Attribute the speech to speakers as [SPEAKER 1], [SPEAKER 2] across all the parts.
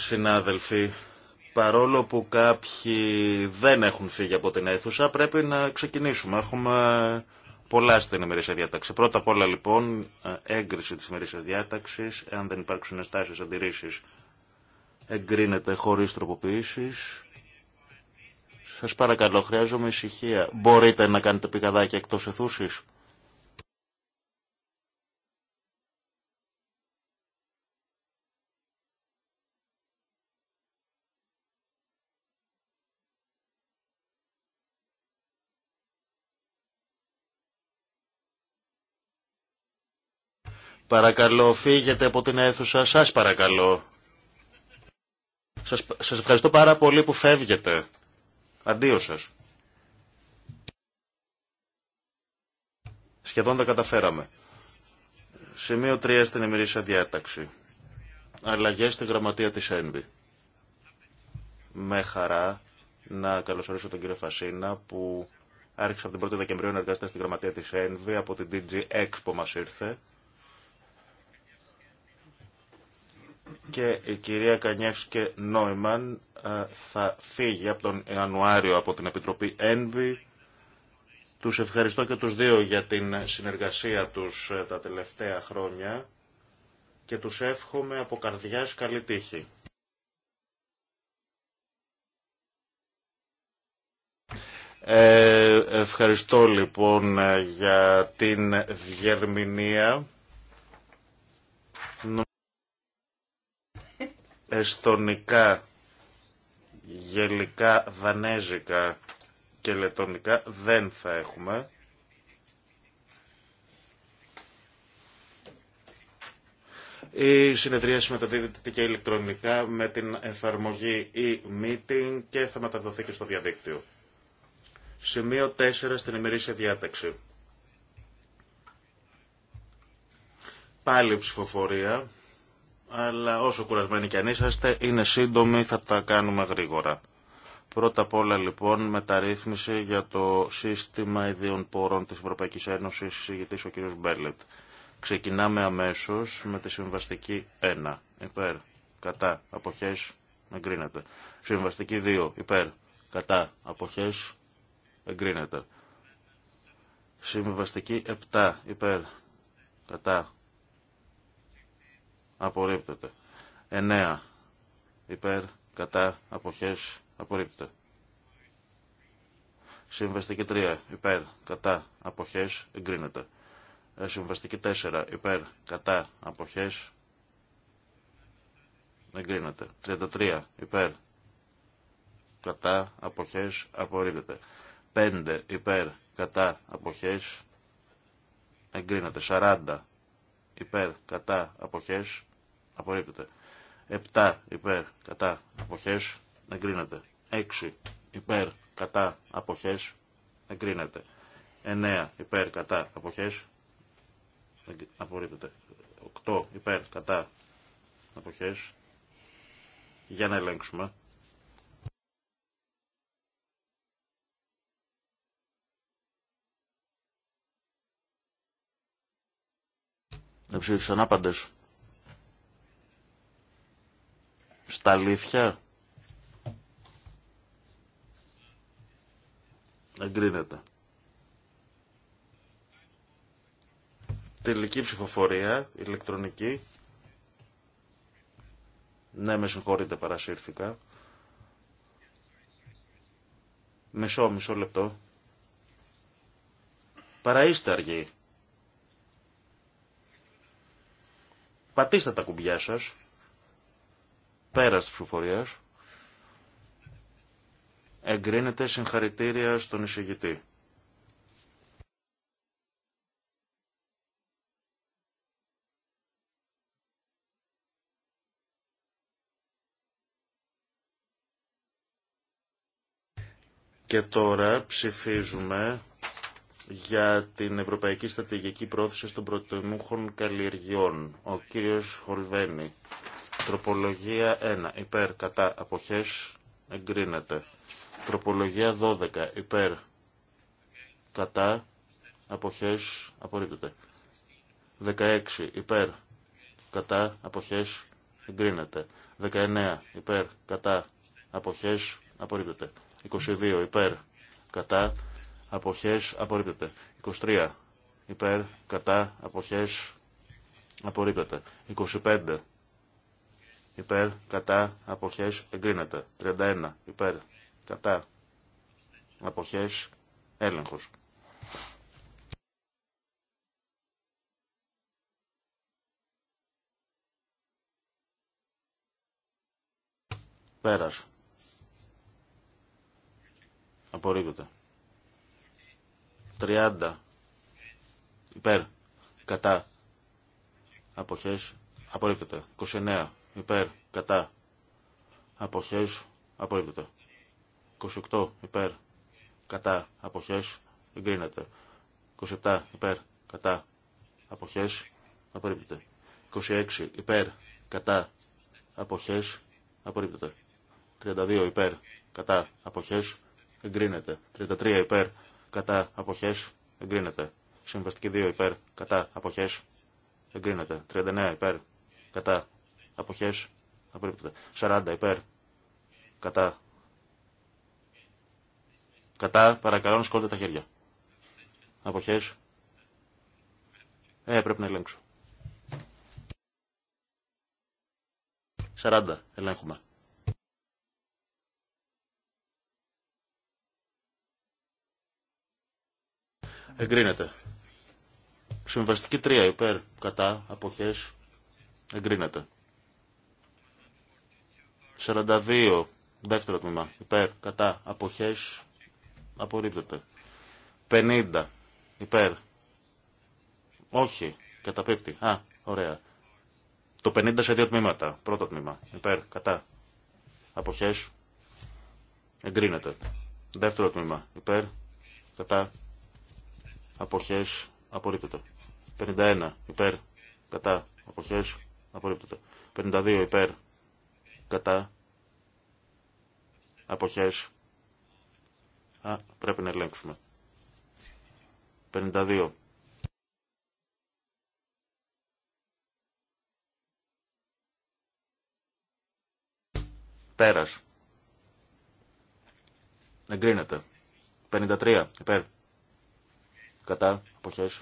[SPEAKER 1] συνάδελφοι, παρόλο που κάποιοι δεν έχουν φύγει από την αίθουσα, πρέπει να ξεκινήσουμε. Έχουμε πολλά στην ημερήσια διάταξη. Πρώτα απ' όλα λοιπόν, ε, έγκριση της ημερήσιας διάταξης, Εάν δεν υπάρξουν στάσεις αντιρρήσεις, εγκρίνεται χωρίς τροποποιήσεις. Σας παρακαλώ, χρειάζομαι ησυχία. Μπορείτε να κάνετε πηγαδάκια εκτός αιθούσης. Παρακαλώ, φύγετε από την αίθουσα. Σας παρακαλώ. Σας, σας ευχαριστώ πάρα πολύ που φεύγετε. Αντίο σας. Σχεδόν τα καταφέραμε. Σημείο 3 στην ημερήσια διάταξη. Αλλαγές στη γραμματεία της ΕΝΒΗ. Με χαρά να καλωσορίσω τον κύριο Φασίνα που άρχισε από την 1η Δεκεμβρίου να εργάζεται στην γραμματεία της ΕΝΒΗ από την DG Expo μας ήρθε και η κυρία Κανιεύσκε Νόιμαν ε, θα φύγει από τον Ιανουάριο από την Επιτροπή Ένβη. Τους ευχαριστώ και τους δύο για την συνεργασία τους ε, τα τελευταία χρόνια και τους εύχομαι από καρδιάς καλή τύχη. Ε, ευχαριστώ λοιπόν ε, για την διερμηνία. εστονικά, γελικά, δανέζικα και λετονικά δεν θα έχουμε. Η συνεδρία συμμεταδίδεται και ηλεκτρονικά με την εφαρμογή e-meeting και θα μεταδοθεί και στο διαδίκτυο. Σημείο 4 στην ημερήσια διάταξη. Πάλι ψηφοφορία αλλά όσο κουρασμένοι κι αν είσαστε, είναι σύντομοι, θα τα κάνουμε γρήγορα. Πρώτα απ' όλα λοιπόν μεταρρύθμιση για το σύστημα ιδίων πόρων της Ευρωπαϊκής Ένωσης, συζητής ο κ. Μπέλετ. Ξεκινάμε αμέσως με τη συμβαστική 1, υπέρ, κατά, αποχές, εγκρίνεται. Συμβαστική 2, υπέρ, κατά, αποχές, εγκρίνεται. Συμβαστική 7, υπέρ, κατά, απορρίπτεται. 9 υπέρ, κατά, αποχές, απορρίπτεται. Συμβαστική 3 υπέρ, κατά, αποχές, εγκρίνεται. Ε, συμβαστική 4 υπέρ, κατά, αποχές, εγκρίνεται. 33 υπέρ, κατά, αποχές, απορρίπτεται. 5 υπέρ, κατά, αποχές, εγκρίνεται. 40 υπέρ κατά αποχές απορρίπτεται. 7 υπέρ κατά αποχές εγκρίνεται. 6 υπέρ κατά αποχές εγκρίνεται. 9 υπέρ κατά αποχές απορρίπτεται. 8 υπέρ κατά αποχές για να ελέγξουμε. ψήφισαν άπαντες. Στα αλήθεια. Εγκρίνεται. Τελική ψηφοφορία, ηλεκτρονική. Ναι, με συγχωρείτε, παρασύρθηκα. Μισό, μισό λεπτό. Παραείστε αργοί. Πατήστε τα κουμπιά σας. Πέρα της ψηφοφορίας. Εγκρίνεται συγχαρητήρια στον εισηγητή. Και τώρα ψηφίζουμε για την Ευρωπαϊκή Στρατηγική Πρόθεση των Πρωτοιμούχων Καλλιεργιών. Ο κύριος Χολβένη. Τροπολογία 1. Υπέρ κατά αποχές εγκρίνεται. Τροπολογία 12. Υπέρ κατά αποχές απορρίπτεται. 16. Υπέρ κατά αποχές εγκρίνεται. 19. Υπέρ κατά αποχές απορρίπτεται. 22. Υπέρ κατά αποχές απορρίπτεται. 23 υπέρ, κατά, αποχές απορρίπτεται. 25 υπέρ, κατά, αποχές εγκρίνεται. 31 υπέρ, κατά, αποχές έλεγχος. Πέρας. Απορρίπτεται. 30 υπέρ κατά αποχές απορρίπτεται 29 υπέρ κατά αποχές απορρίπτεται 28 υπέρ κατά αποχές εγκρίνεται 27 υπέρ κατά αποχές απορρίπτεται 26 υπέρ κατά αποχές απορρίπτεται 32 υπέρ κατά αποχές εγκρίνεται 33 υπέρ κατά αποχέ, εγκρίνεται. Συμβαστική 2 υπέρ κατά αποχές εγκρίνεται. 39 υπέρ κατά αποχές απορρίπτεται. 40 υπέρ κατά κατά παρακαλώ να τα χέρια. αποχέ. ε, πρέπει να ελέγξω. 40 ελέγχουμε. Εγκρίνεται. Συμβαστική 3 υπέρ κατά αποχές εγκρίνεται. 42 δεύτερο τμήμα υπέρ κατά αποχές απορρίπτεται. 50 υπέρ. Όχι, καταπίπτει. Α, ωραία. Το 50 σε δύο τμήματα. Πρώτο τμήμα υπέρ κατά αποχές εγκρίνεται. Δεύτερο τμήμα υπέρ κατά Αποχέ, απορρίπτεται. 51 υπέρ κατά Αποχέ, απορρίπτεται. 52 υπέρ κατά αποχέ. Α, πρέπει να ελέγξουμε. 52. Πέρας. Εγκρίνεται. 53. Υπέρ. Κατά. Αποχές.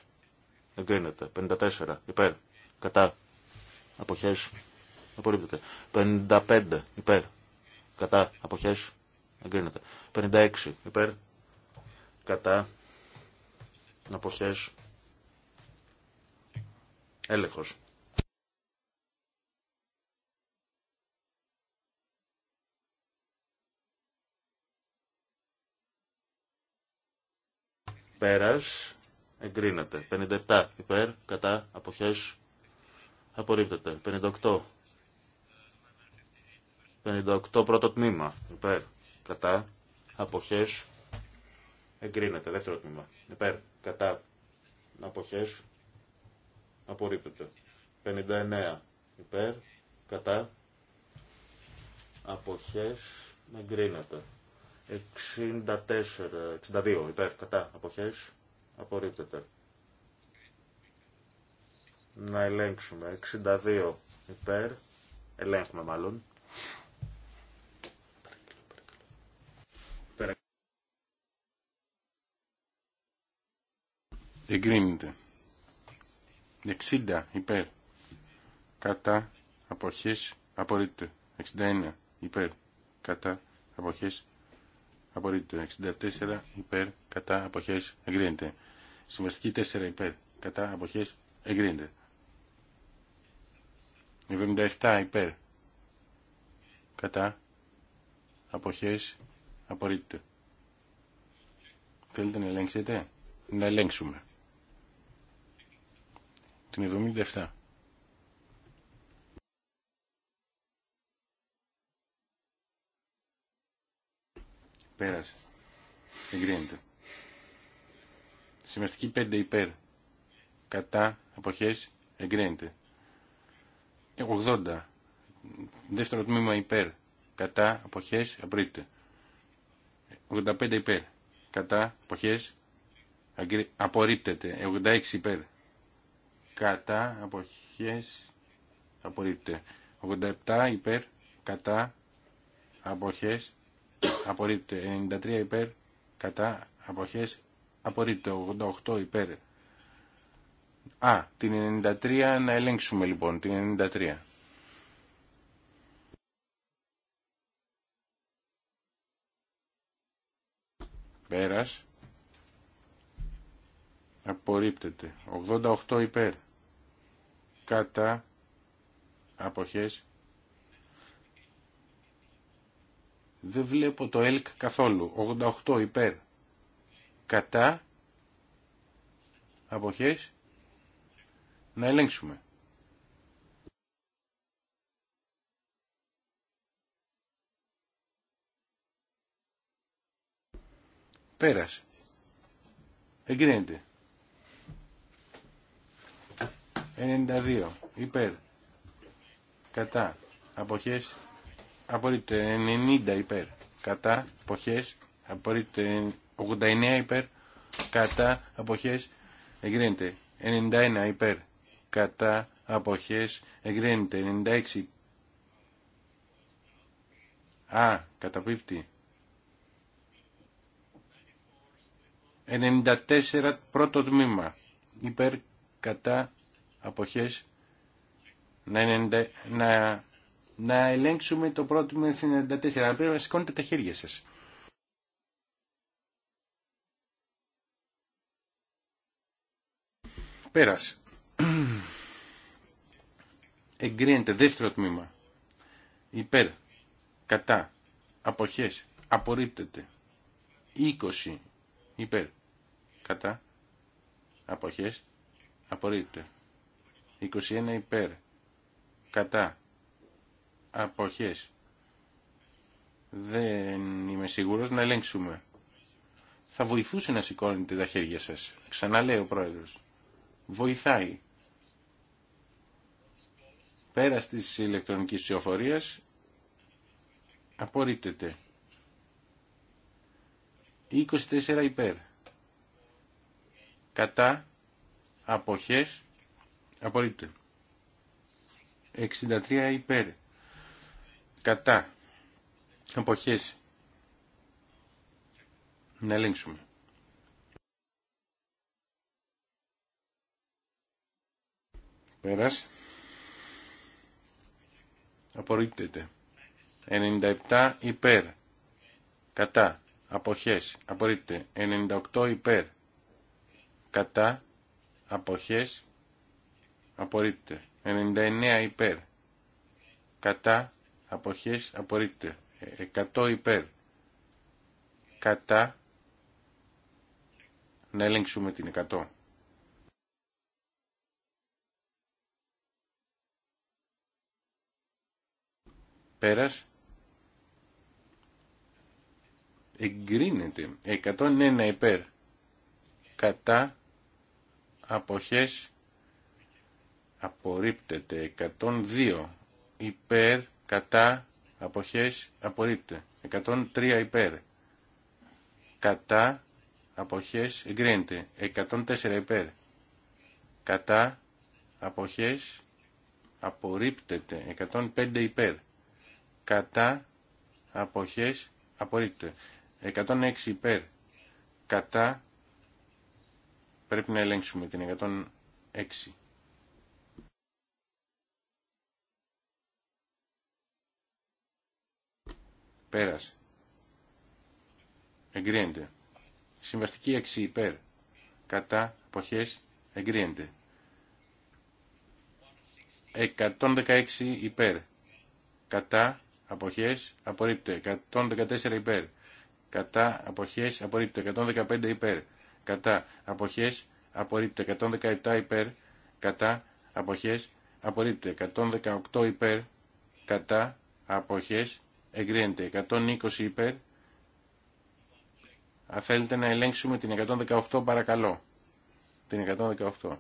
[SPEAKER 1] Εγκρίνεται. 54. Υπέρ. Κατά. Αποχές. Απορρίπτεται. 55. Υπέρ. Κατά. Αποχές. Εγκρίνεται. 56. Υπέρ. Κατά. Αποχές. Έλεγχος. πέρας εγκρίνεται. 57 υπέρ, κατά, αποχές, απορρίπτεται. 58. 58 πρώτο τμήμα υπέρ, κατά, αποχές, εγκρίνεται. Δεύτερο τμήμα υπέρ, κατά, αποχές, απορρίπτεται. 59 υπέρ, κατά, αποχές, εγκρίνεται. 64, 62 υπέρ, κατά, αποχές, απορρίπτεται. Να ελέγξουμε, 62 υπέρ, ελέγχουμε μάλλον.
[SPEAKER 2] Εγκρίνεται. 60 υπέρ. Κατά αποχές απορρίπτεται. 61 υπέρ. Κατά αποχές απορρίπτεται. 64 υπέρ κατά αποχέ εγκρίνεται. Συμβαστική 4 υπέρ κατά αποχέ εγκρίνεται. 77 υπέρ κατά αποχέ απορρίπτεται. Θέλετε να ελέγξετε, να ελέγξουμε. Την 77. Πέρασε. Εγκρίνεται. σημαστική 5 υπέρ. Κατά αποχές εγκρίνεται. 80. Δεύτερο τμήμα υπέρ. Κατά αποχές απρίπτεται. 85 υπέρ. Κατά αποχές απορρίπτεται. 86 υπέρ. Κατά αποχές απορρίπτεται. 87 υπέρ. Κατά αποχές απορρίπτεται 93 υπέρ κατά αποχές απορρίπτεται 88 υπέρ Α, την 93 να ελέγξουμε λοιπόν, την 93. Πέρας. Απορρίπτεται. 88 υπέρ. Κατά. Αποχές. Δεν βλέπω το ΕΛΚ καθόλου. 88 υπέρ. Κατά. Αποχές. Να ελέγξουμε. Πέρασε. Εγκρίνεται. 92. Υπέρ. Κατά. Αποχές απορρίπτεται 90 υπέρ κατά εποχές. απορρίπτεται 89 υπέρ κατά εποχές. εγκρίνεται 91 υπέρ κατά αποχές εγκρίνεται 96 Α, καταπίπτει. 94 πρώτο τμήμα. Υπέρ κατά αποχές να να ελέγξουμε το πρώτο με 94. Αλλά πρέπει να σηκώνετε τα χέρια σας. Πέρασε. Εγκρίνεται δεύτερο τμήμα. Υπέρ. Κατά. Αποχές. Απορρίπτεται. 20. Υπέρ. Κατά. Αποχές. Απορρίπτεται. 21 υπέρ. Κατά αποχές. Δεν είμαι σίγουρος να ελέγξουμε. Θα βοηθούσε να σηκώνετε τα χέρια σας. Ξαναλέει ο πρόεδρος. Βοηθάει. Πέρα της ηλεκτρονικής ψηφοφορίας απορρίπτεται. 24 υπέρ. Κατά αποχές απορρίπτεται. 63 υπέρ κατά εποχές να ελέγξουμε. Πέρας. Απορρίπτεται. 97 υπέρ. Κατά. Αποχές. Απορρίπτεται. 98 υπέρ. Κατά. Αποχές. Απορρίπτεται. 99 υπέρ. Κατά αποχές απορρίπτεται 100 υπέρ κατά να ελέγξουμε την 100 πέρας εγκρίνεται 101 υπέρ κατά αποχές απορρίπτεται 102 υπέρ κατά αποχές απορρίπτε, 103 υπέρ κατά αποχές εγκρίνεται. 104 υπέρ κατά αποχές απορρίπτεται. 105 υπέρ κατά αποχές απορρίπτεται. 106 υπέρ κατά πρέπει να ελέγξουμε την 106. Πέρασε. Εγκρίνεται. Συμβαστική 6 υπέρ. Κατά αποχές εγκρίνεται. 116 υπέρ. Κατά αποχές απορρίπτεται. 114 υπέρ. Κατά αποχές απορρίπτεται. 115 υπέρ. Κατά αποχές απορρίπτεται. 117 υπέρ. Κατά αποχές απορρίπτεται. 118 υπέρ. Κατά αποχές εγκρίνεται 120 υπέρ αν θέλετε να ελέγξουμε την 118 παρακαλώ την 118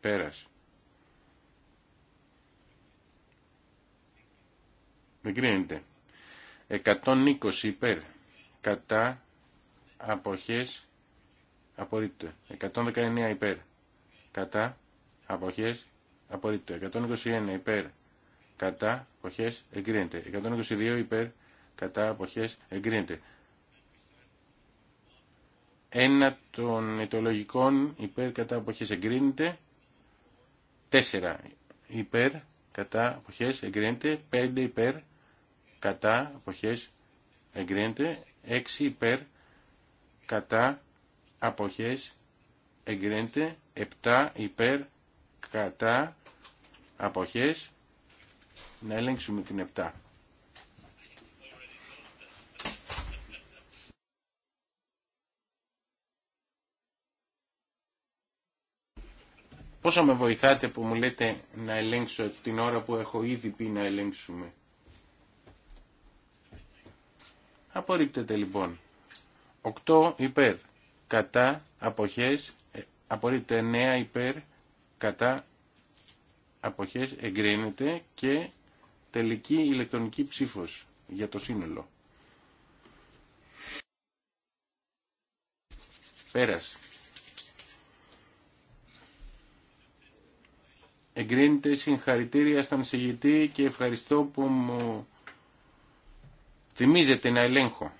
[SPEAKER 2] πέρας εγκρίνεται 120 υπέρ κατά αποχές Απορρίπτω. 119 υπέρ κατά αποχές απορρίπτω. 121 υπέρ κατά αποχές εγκρίνεται. 122 υπέρ κατά αποχές εγκρίνεται. Ένα των ειτολογικών υπέρ κατά αποχές εγκρίνεται. 4 υπέρ κατά αποχές εγκρίνεται. 5 υπέρ κατά αποχές εγκρίνεται. 6 υπέρ κατά αποχές εγκρίνεται. 7 υπέρ κατά αποχές να ελέγξουμε την 7. Πόσο με βοηθάτε που μου λέτε να ελέγξω την ώρα που έχω ήδη πει να ελέγξουμε. Απορρίπτεται λοιπόν. 8 υπέρ. Κατά αποχές. Ε, απορρίπτεται 9 υπέρ κατά αποχές εγκρίνεται και τελική ηλεκτρονική ψήφος για το σύνολο. Πέρασε. Εγκρίνεται συγχαρητήρια στον συγητή και ευχαριστώ που μου θυμίζεται να ελέγχω.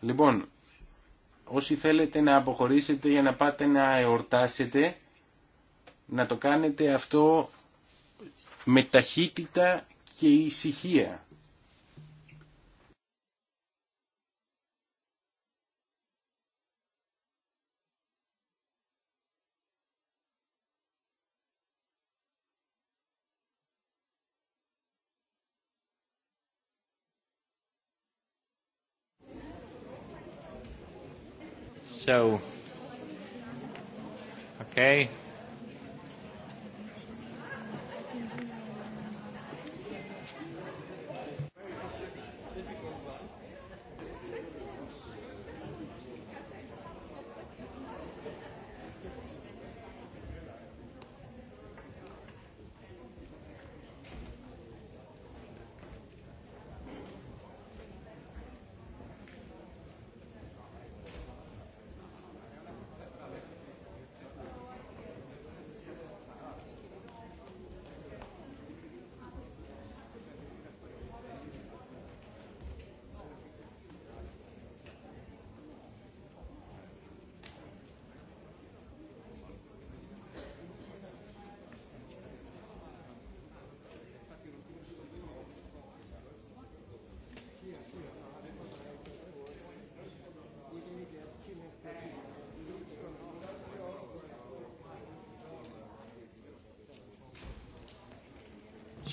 [SPEAKER 2] Λοιπόν, όσοι θέλετε να αποχωρήσετε για να πάτε να εορτάσετε, να το κάνετε αυτό με ταχύτητα και ησυχία. So, okay.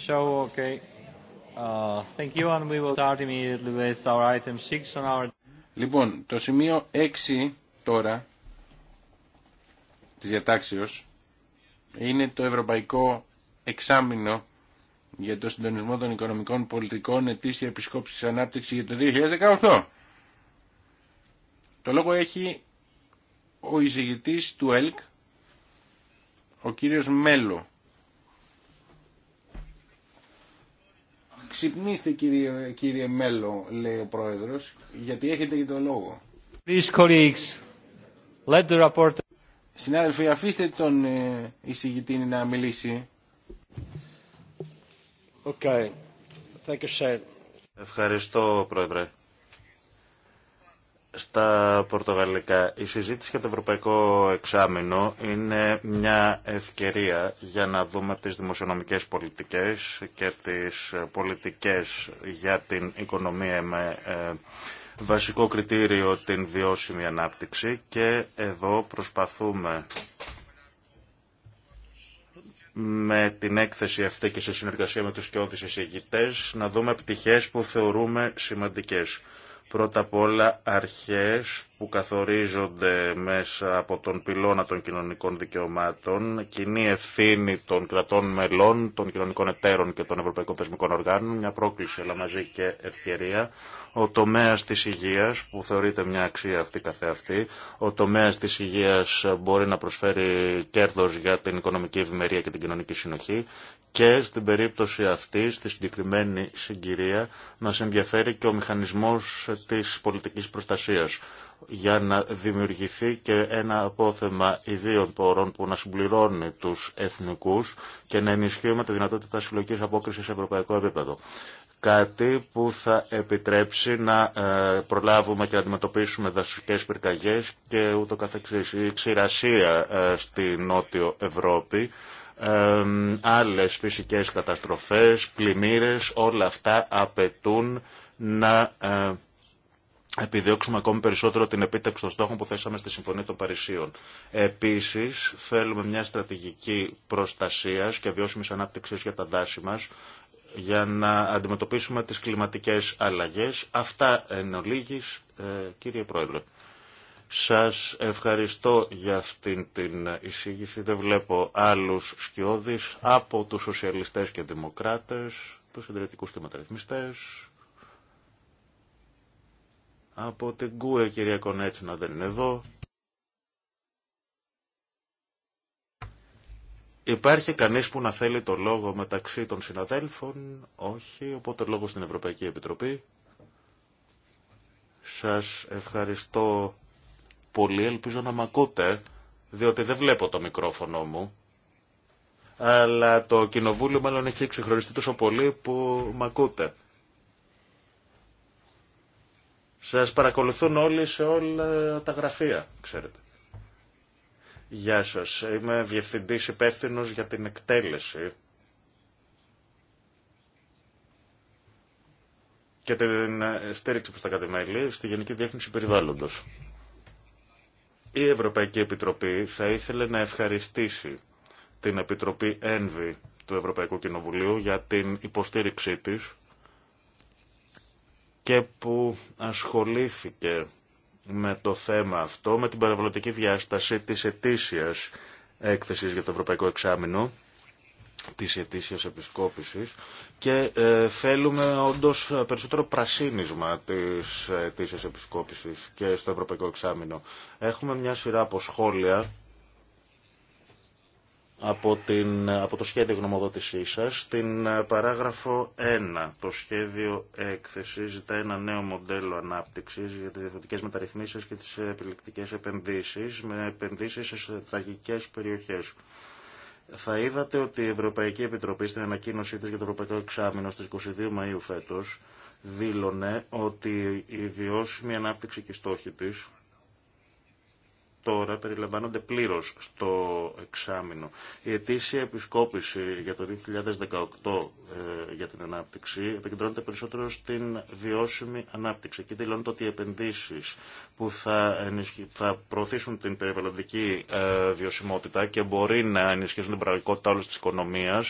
[SPEAKER 2] Show, okay. Uh, thank you and we will start immediately with our item 6 on our... Λοιπόν, το σημείο 6 τώρα της διατάξεως είναι το Ευρωπαϊκό Εξάμεινο για το συντονισμό των οικονομικών πολιτικών ετήσια επισκόψης ανάπτυξη για το 2018. Το λόγο έχει ο εισηγητής του ΕΛΚ, ο κύριος Μέλο. Ξυπνήστε κύριε, κύριε Μέλο, λέει ο πρόεδρος, γιατί έχετε και τον λόγο. Please, Let the Συνάδελφοι, αφήστε τον ε, εισηγητή να μιλήσει. Okay. Thank you,
[SPEAKER 1] Ευχαριστώ, Πρόεδρε στα πορτογαλικά. Η συζήτηση για το ευρωπαϊκό εξάμεινο είναι μια ευκαιρία για να δούμε τις δημοσιονομικές πολιτικές και τις πολιτικές για την οικονομία με ε, βασικό κριτήριο την βιώσιμη ανάπτυξη και εδώ προσπαθούμε με την έκθεση αυτή και σε συνεργασία με τους κοιόδης εισηγητές να δούμε πτυχές που θεωρούμε σημαντικές. Πρώτα απ' όλα αρχές που καθορίζονται μέσα από τον πυλώνα των κοινωνικών δικαιωμάτων, κοινή ευθύνη των κρατών μελών, των κοινωνικών εταίρων και των ευρωπαϊκών θεσμικών οργάνων, μια πρόκληση αλλά μαζί και ευκαιρία, ο τομέας της υγείας που θεωρείται μια αξία αυτή καθεαυτή, ο τομέας της υγείας μπορεί να προσφέρει κέρδος για την οικονομική ευημερία και την κοινωνική συνοχή και στην περίπτωση αυτή, στη συγκεκριμένη συγκυρία, μας ενδιαφέρει και ο μηχανισμός της πολιτικής προστασίας για να δημιουργηθεί και ένα απόθεμα ιδίων πόρων που να συμπληρώνει τους εθνικούς και να ενισχύουμε τη δυνατότητα συλλογικής απόκρισης σε ευρωπαϊκό επίπεδο κάτι που θα επιτρέψει να ε, προλάβουμε και να αντιμετωπίσουμε δασικές πυρκαγιές και ούτω καθεξής. Η ξηρασία ε, στη Νότιο Ευρώπη άλλες φυσικές καταστροφές, πλημμύρες, όλα αυτά απαιτούν να ε, επιδιώξουμε ακόμη περισσότερο την επίτευξη των στόχων που θέσαμε στη Συμφωνία των Παρισίων. Επίσης, θέλουμε μια στρατηγική προστασίας και βιώσιμης ανάπτυξης για τα δάση μας, για να αντιμετωπίσουμε τις κλιματικές αλλαγές. Αυτά εν ολίγης, ε, κύριε Πρόεδρε. Σας ευχαριστώ για αυτήν την εισήγηση. Δεν βλέπω άλλους σκιώδεις από τους σοσιαλιστές και δημοκράτες, τους συντηρητικούς και μεταρρυθμιστές. Από την Κούε, κυρία Κονέτσινα, δεν είναι εδώ. Υπάρχει κανείς που να θέλει το λόγο μεταξύ των συναδέλφων. Όχι, οπότε λόγο στην Ευρωπαϊκή Επιτροπή. Σας ευχαριστώ πολύ. Ελπίζω να μ' ακούτε, διότι δεν βλέπω το μικρόφωνο μου. Αλλά το κοινοβούλιο μάλλον έχει ξεχωριστεί τόσο πολύ που μ' ακούτε. Σας παρακολουθούν όλοι σε όλα τα γραφεία, ξέρετε. Γεια σας. Είμαι διευθυντής υπεύθυνος για την εκτέλεση και την στήριξη προς τα κατημέλη στη Γενική Διεύθυνση Περιβάλλοντος. Η Ευρωπαϊκή Επιτροπή θα ήθελε να ευχαριστήσει την Επιτροπή ΕΝΒΗ του Ευρωπαϊκού Κοινοβουλίου για την υποστήριξή της και που ασχολήθηκε με το θέμα αυτό, με την παραβολωτική διάσταση της ετήσιας έκθεσης για το Ευρωπαϊκό Εξάμεινο της ετήσιας επισκόπησης και ε, θέλουμε όντως περισσότερο πρασίνισμα της ετήσιας επισκόπησης και στο Ευρωπαϊκό Εξάμεινο. Έχουμε μια σειρά από σχόλια από, την, από το σχέδιο γνωμοδότησής σας στην ε, παράγραφο 1. Το σχέδιο έκθεση ζητά ένα νέο μοντέλο ανάπτυξης για τις διευθυντικές μεταρρυθμίσεις και τις επιλεκτικές επενδύσεις με επενδύσεις σε τραγικές περιοχές θα είδατε ότι η Ευρωπαϊκή Επιτροπή στην ανακοίνωσή της για το Ευρωπαϊκό Εξάμεινο στις 22 Μαΐου φέτος δήλωνε ότι η βιώσιμη ανάπτυξη και στόχοι της τώρα περιλαμβάνονται πλήρως στο εξάμεινο. Η ετήσια επισκόπηση για το 2018 ε, για την ανάπτυξη επικεντρώνεται περισσότερο στην βιώσιμη ανάπτυξη Εκεί δηλώνεται ότι οι επενδύσεις που θα, θα προωθήσουν την περιβαλλοντική ε, βιωσιμότητα και μπορεί να ενισχύσουν την πραγματικότητα όλη τη οικονομία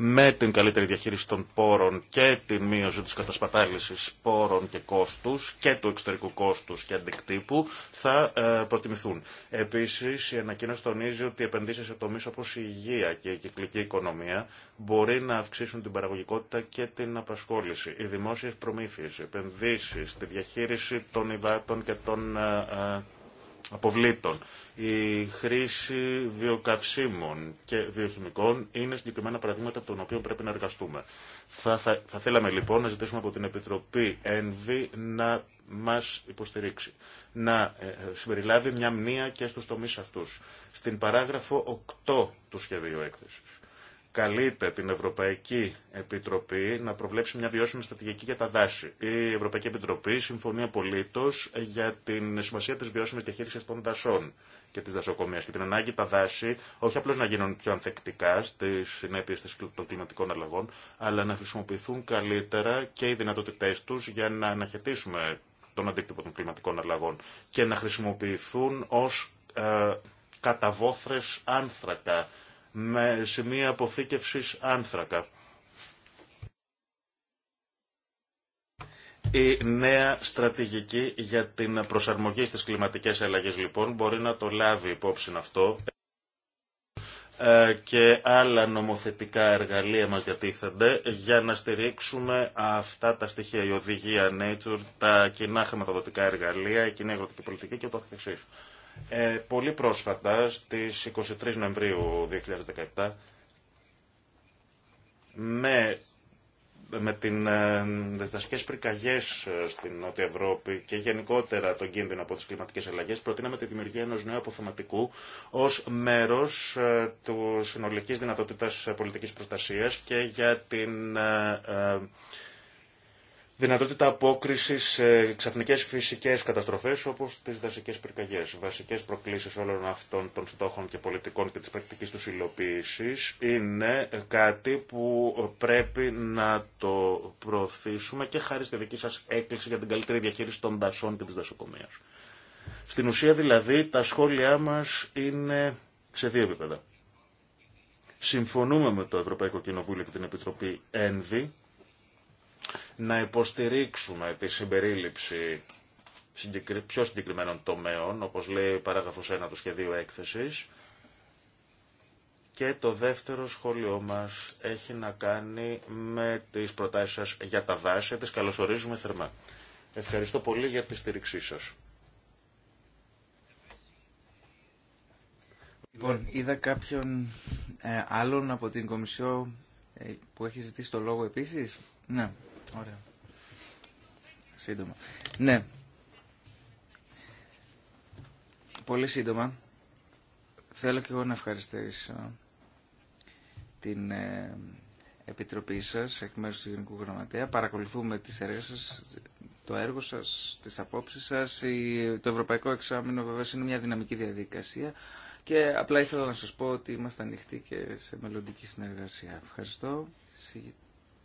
[SPEAKER 1] με την καλύτερη διαχείριση των πόρων και τη μείωση της κατασπατάλησης πόρων και κόστους και του εξωτερικού κόστους και αντικτύπου θα ε, προτιμηθούν. Επίσης, η ανακοίνωση τονίζει ότι οι επενδύσεις σε τομείς όπως η υγεία και η κυκλική οικονομία μπορεί να αυξήσουν την παραγωγικότητα και την απασχόληση. Οι δημόσιες προμήθειες, οι επενδύσεις, τη διαχείριση των υδάτων και των ε, ε, αποβλήτων. Η χρήση βιοκαυσίμων και βιοχημικών είναι συγκεκριμένα παραδείγματα τον οποίο πρέπει να εργαστούμε. Θα, θα, θέλαμε λοιπόν να ζητήσουμε από την Επιτροπή ΕΝΒΗ να μας υποστηρίξει. Να ε, συμπεριλάβει μια μνήα και στους τομείς αυτούς. Στην παράγραφο 8 του σχεδίου έκθεσης καλείται την Ευρωπαϊκή Επιτροπή να προβλέψει μια βιώσιμη στρατηγική για τα δάση. Η Ευρωπαϊκή Επιτροπή συμφωνεί απολύτω για την σημασία τη βιώσιμη διαχείριση των δασών και τη δασοκομεία και την ανάγκη τα δάση όχι απλώ να γίνουν πιο ανθεκτικά στι συνέπειε των κλιματικών αλλαγών, αλλά να χρησιμοποιηθούν καλύτερα και οι δυνατότητέ του για να αναχαιτήσουμε τον αντίκτυπο των κλιματικών αλλαγών και να χρησιμοποιηθούν ω ε, καταβόθρε άνθρακα με σημεία αποθήκευσης άνθρακα. Η νέα στρατηγική για την προσαρμογή στις κλιματικές αλλαγές λοιπόν μπορεί να το λάβει υπόψη αυτό ε, και άλλα νομοθετικά εργαλεία μας διατίθενται για να στηρίξουμε αυτά τα στοιχεία, η οδηγία Nature, τα κοινά χρηματοδοτικά εργαλεία, η κοινή αγροτική πολιτική και το καθεξής. Ε, πολύ πρόσφατα, στις 23 Νοεμβρίου 2017, με, με την ε, πρικαγιές ε, στην Νότια Ευρώπη και γενικότερα τον κίνδυνο από τις κλιματικές αλλαγές, προτείναμε τη δημιουργία ενός νέου αποθεματικού ως μέρος ε, του συνολικής δυνατότητας ε, πολιτικής προστασίας και για την... Ε, δυνατότητα απόκριση σε ξαφνικέ φυσικέ καταστροφέ όπω τι δασικέ πυρκαγιέ. Βασικέ προκλήσει όλων αυτών των στόχων και πολιτικών και τη πρακτική του υλοποίηση είναι κάτι που πρέπει να το προωθήσουμε και χάρη στη δική σα έκκληση για την καλύτερη διαχείριση των δασών και τη δασοκομεία. Στην ουσία δηλαδή τα σχόλιά μα είναι σε δύο επίπεδα. Συμφωνούμε με το Ευρωπαϊκό Κοινοβούλιο και την Επιτροπή ΕΝΒΗ να υποστηρίξουμε τη συμπερίληψη πιο συγκεκριμένων τομέων, όπως λέει η παράγραφος 1 του σχεδίου έκθεσης. Και το δεύτερο σχόλιο μας έχει να κάνει με τις προτάσεις σας για τα δάση. Τις καλωσορίζουμε θερμά. Ευχαριστώ πολύ για τη στήριξή σας.
[SPEAKER 3] Λοιπόν, είδα κάποιον ε, άλλον από την Κομισιό ε, που έχει ζητήσει το λόγο επίσης. Ναι. Ωραία. Σύντομα. Ναι. Πολύ σύντομα. Θέλω και εγώ να ευχαριστήσω την ε, Επιτροπή σας εκ μέρους του Γενικού Γραμματέα. Παρακολουθούμε τις έργες σας, το έργο σας, τις απόψεις σας. Το Ευρωπαϊκό Εξάμεινο βέβαια είναι μια δυναμική διαδικασία και απλά ήθελα να σας πω ότι είμαστε ανοιχτοί και σε μελλοντική συνεργασία. Ευχαριστώ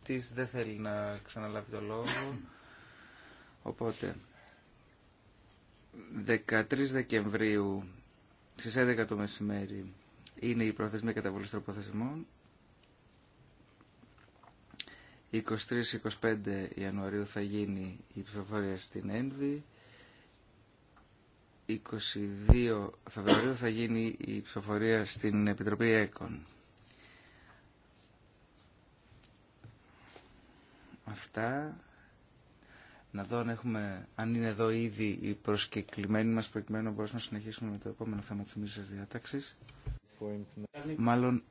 [SPEAKER 3] της δεν θέλει να ξαναλάβει το λόγο. Οπότε, 13 Δεκεμβρίου στις 11 το μεσημέρι είναι η προθεσμία καταβολής τροποθεσμών. 23-25 Ιανουαρίου θα γίνει η ψηφοφορία στην ΕΝΒΗ. 22 Φεβρουαρίου θα γίνει η ψηφοφορία στην Επιτροπή ΕΚΟΝ. αυτά. Να δω αν, έχουμε, αν είναι εδώ ήδη οι προσκεκλημένοι μας προκειμένου να να συνεχίσουμε με το επόμενο θέμα της εμείς διάταξης. Μάλλον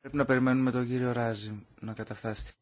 [SPEAKER 3] πρέπει να περιμένουμε τον κύριο Ράζι να καταφτάσει.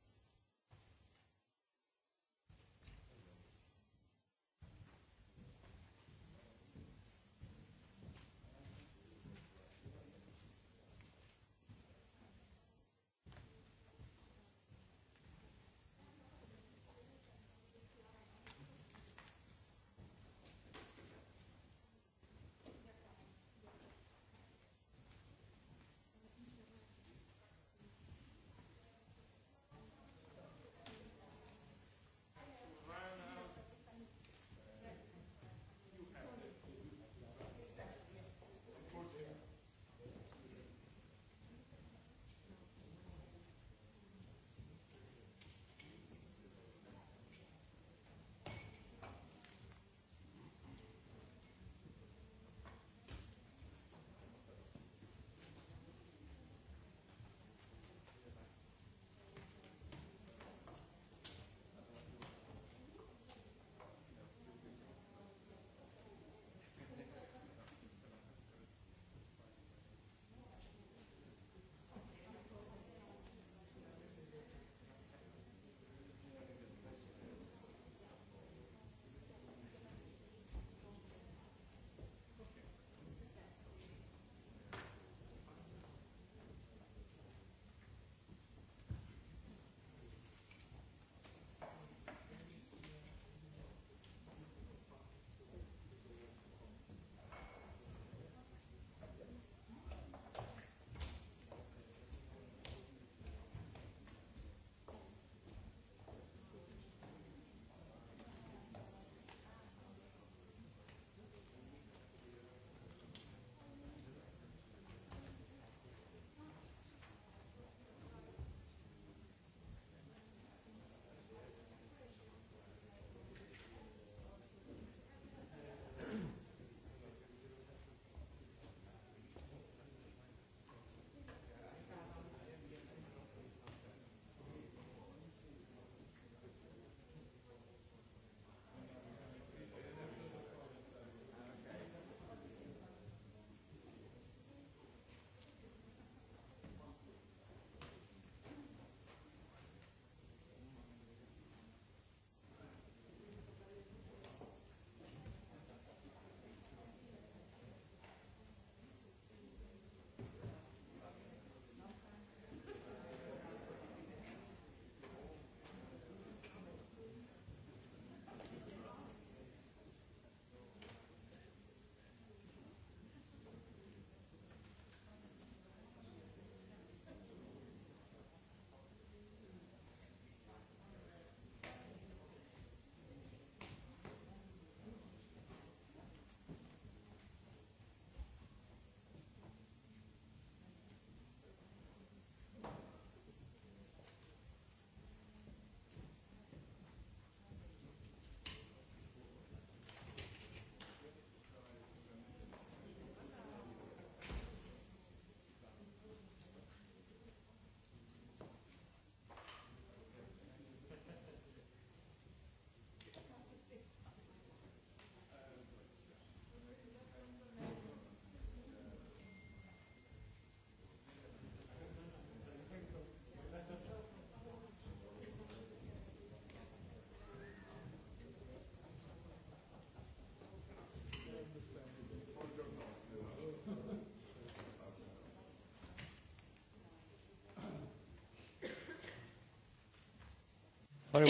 [SPEAKER 3] Um,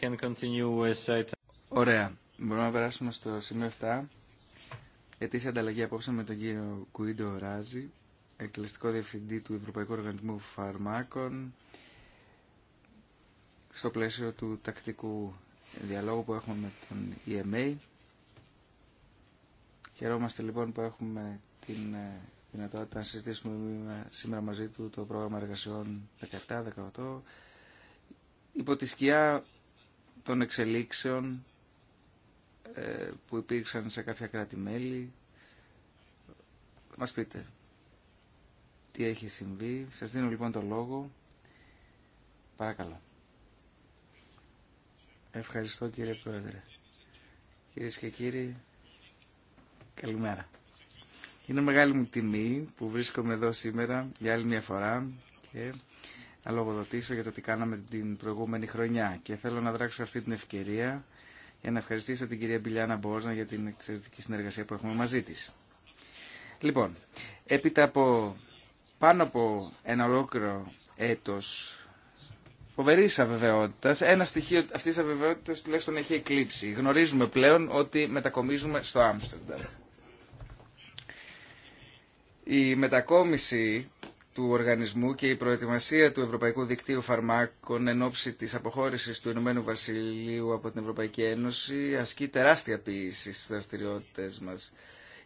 [SPEAKER 3] uh, Ωραία. Μπορούμε να περάσουμε στο σημείο 7. Ετήσια ανταλλαγή απόψε με τον κύριο Κουίντο Ράζη, εκτελεστικό διευθυντή του Ευρωπαϊκού Οργανισμού Φαρμάκων, στο πλαίσιο του τακτικού διαλόγου που έχουμε με τον EMA. Χαιρόμαστε λοιπόν που έχουμε την ε, δυνατότητα να συζητήσουμε σήμερα μαζί του το πρόγραμμα εργασιών 17-18 υπό τη σκιά των εξελίξεων ε, που υπήρξαν σε κάποια κράτη-μέλη. Μας πείτε τι έχει συμβεί. Σας δίνω λοιπόν το λόγο. Παρακαλώ. Ευχαριστώ κύριε Πρόεδρε. Κυρίε και κύριοι, καλημέρα. Είναι μεγάλη μου τιμή που βρίσκομαι εδώ σήμερα για άλλη μια φορά να λογοδοτήσω για το τι κάναμε την προηγούμενη χρονιά. Και θέλω να δράξω αυτή την ευκαιρία για να ευχαριστήσω την κυρία Μπιλιάνα Μπόρζα για την εξαιρετική συνεργασία που έχουμε μαζί της. Λοιπόν, έπειτα από πάνω από ένα ολόκληρο έτος φοβερή αβεβαιότητα. Ένα στοιχείο αυτή τη αβεβαιότητα τουλάχιστον έχει εκλείψει. Γνωρίζουμε πλέον ότι μετακομίζουμε στο Άμστερνταμ. Η μετακόμιση του οργανισμού και η προετοιμασία του Ευρωπαϊκού Δικτύου Φαρμάκων εν ώψη της αποχώρησης του Ηνωμένου Βασιλείου από την Ευρωπαϊκή Ένωση ασκεί τεράστια ποιήση στις δραστηριότητε μας.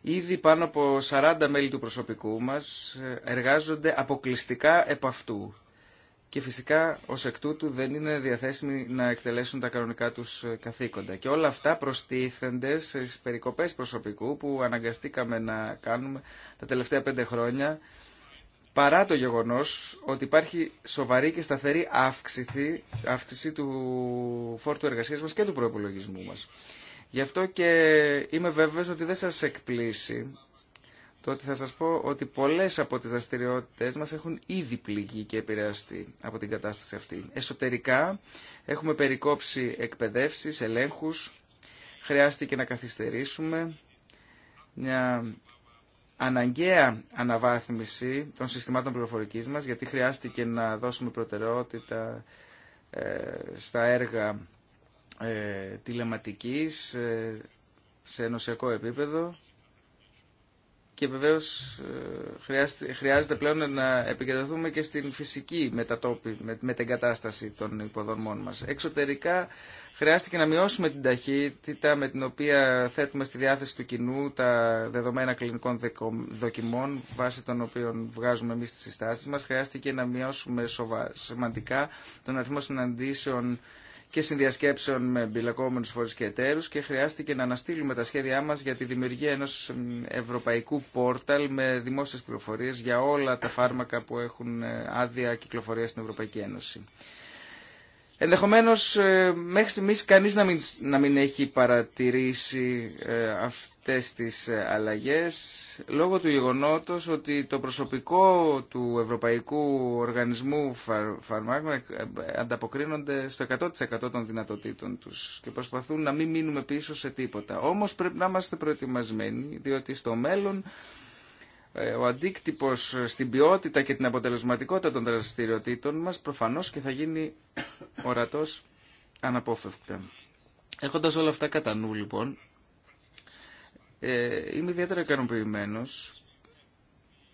[SPEAKER 3] Ήδη πάνω από 40 μέλη του προσωπικού μας ε, εργάζονται αποκλειστικά επ' αυτού και φυσικά ως εκ τούτου δεν είναι διαθέσιμοι να εκτελέσουν τα κανονικά τους ε, καθήκοντα. Και όλα αυτά προστίθενται στις περικοπές προσωπικού που αναγκαστήκαμε να κάνουμε τα τελευταία πέντε χρόνια παρά το γεγονός ότι υπάρχει σοβαρή και σταθερή αύξηση, αύξηση του φόρτου εργασίας μας και του προϋπολογισμού μας. Γι' αυτό και είμαι βέβαιος ότι δεν σας εκπλήσει το ότι θα σας πω ότι πολλές από τις δραστηριότητε μας έχουν ήδη πληγεί και επηρεαστεί από την κατάσταση αυτή. Εσωτερικά έχουμε περικόψει εκπαιδεύσεις, ελέγχους, χρειάστηκε να καθυστερήσουμε μια αναγκαία αναβάθμιση των συστημάτων πληροφορικής μας, γιατί χρειάστηκε να δώσουμε προτεραιότητα ε, στα έργα ε, τηλεματικής ε, σε ενωσιακό επίπεδο και βεβαίως ε, χρειάζεται πλέον να επικεντρωθούμε και στην φυσική μετατόπιση, με την κατάσταση των υποδομών μας. Εξωτερικά χρειάστηκε να μειώσουμε την ταχύτητα με την οποία θέτουμε στη διάθεση του κοινού τα δεδομένα κλινικών δοκιμών, βάσει των οποίων βγάζουμε εμεί τι συστάσεις μας. Χρειάστηκε να μειώσουμε σοβα, σημαντικά τον αριθμό συναντήσεων και συνδιασκέψεων με μπυλακόμενους φορεί και εταίρους και χρειάστηκε να αναστείλουμε τα σχέδιά μας για τη δημιουργία ενός ευρωπαϊκού πόρταλ με δημόσιες πληροφορίε για όλα τα φάρμακα που έχουν ε, άδεια κυκλοφορία στην Ευρωπαϊκή Ένωση. Ενδεχομένως ε, μέχρι στιγμής κανείς να μην, να μην έχει παρατηρήσει ε, αυτές τις ε, αλλαγές λόγω του γεγονότο ότι το προσωπικό του Ευρωπαϊκού Οργανισμού Φαρμάκων ανταποκρίνονται στο 100% των δυνατοτήτων τους και προσπαθούν να μην μείνουμε πίσω σε τίποτα. Όμως πρέπει να είμαστε προετοιμασμένοι διότι στο μέλλον ε, ο αντίκτυπος στην ποιότητα και την αποτελεσματικότητα των δραστηριοτήτων μας προφανώς και θα γίνει ορατός αναπόφευκτα. Έχοντας όλα αυτά κατά νου λοιπόν, ε, είμαι ιδιαίτερα ικανοποιημένο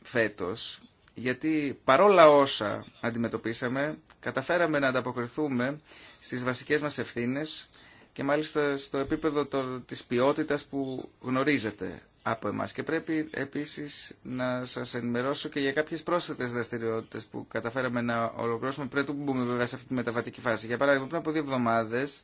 [SPEAKER 3] φέτος γιατί παρόλα όσα αντιμετωπίσαμε καταφέραμε να ανταποκριθούμε στις βασικές μας ευθύνες και μάλιστα στο επίπεδο το, της ποιότητας που γνωρίζετε από εμάς. Και πρέπει επίσης να σας ενημερώσω και για κάποιες πρόσθετες δραστηριότητες που καταφέραμε να ολοκληρώσουμε πριν που μπούμε βέβαια σε αυτή τη μεταβατική φάση. Για παράδειγμα, πριν από δύο εβδομάδες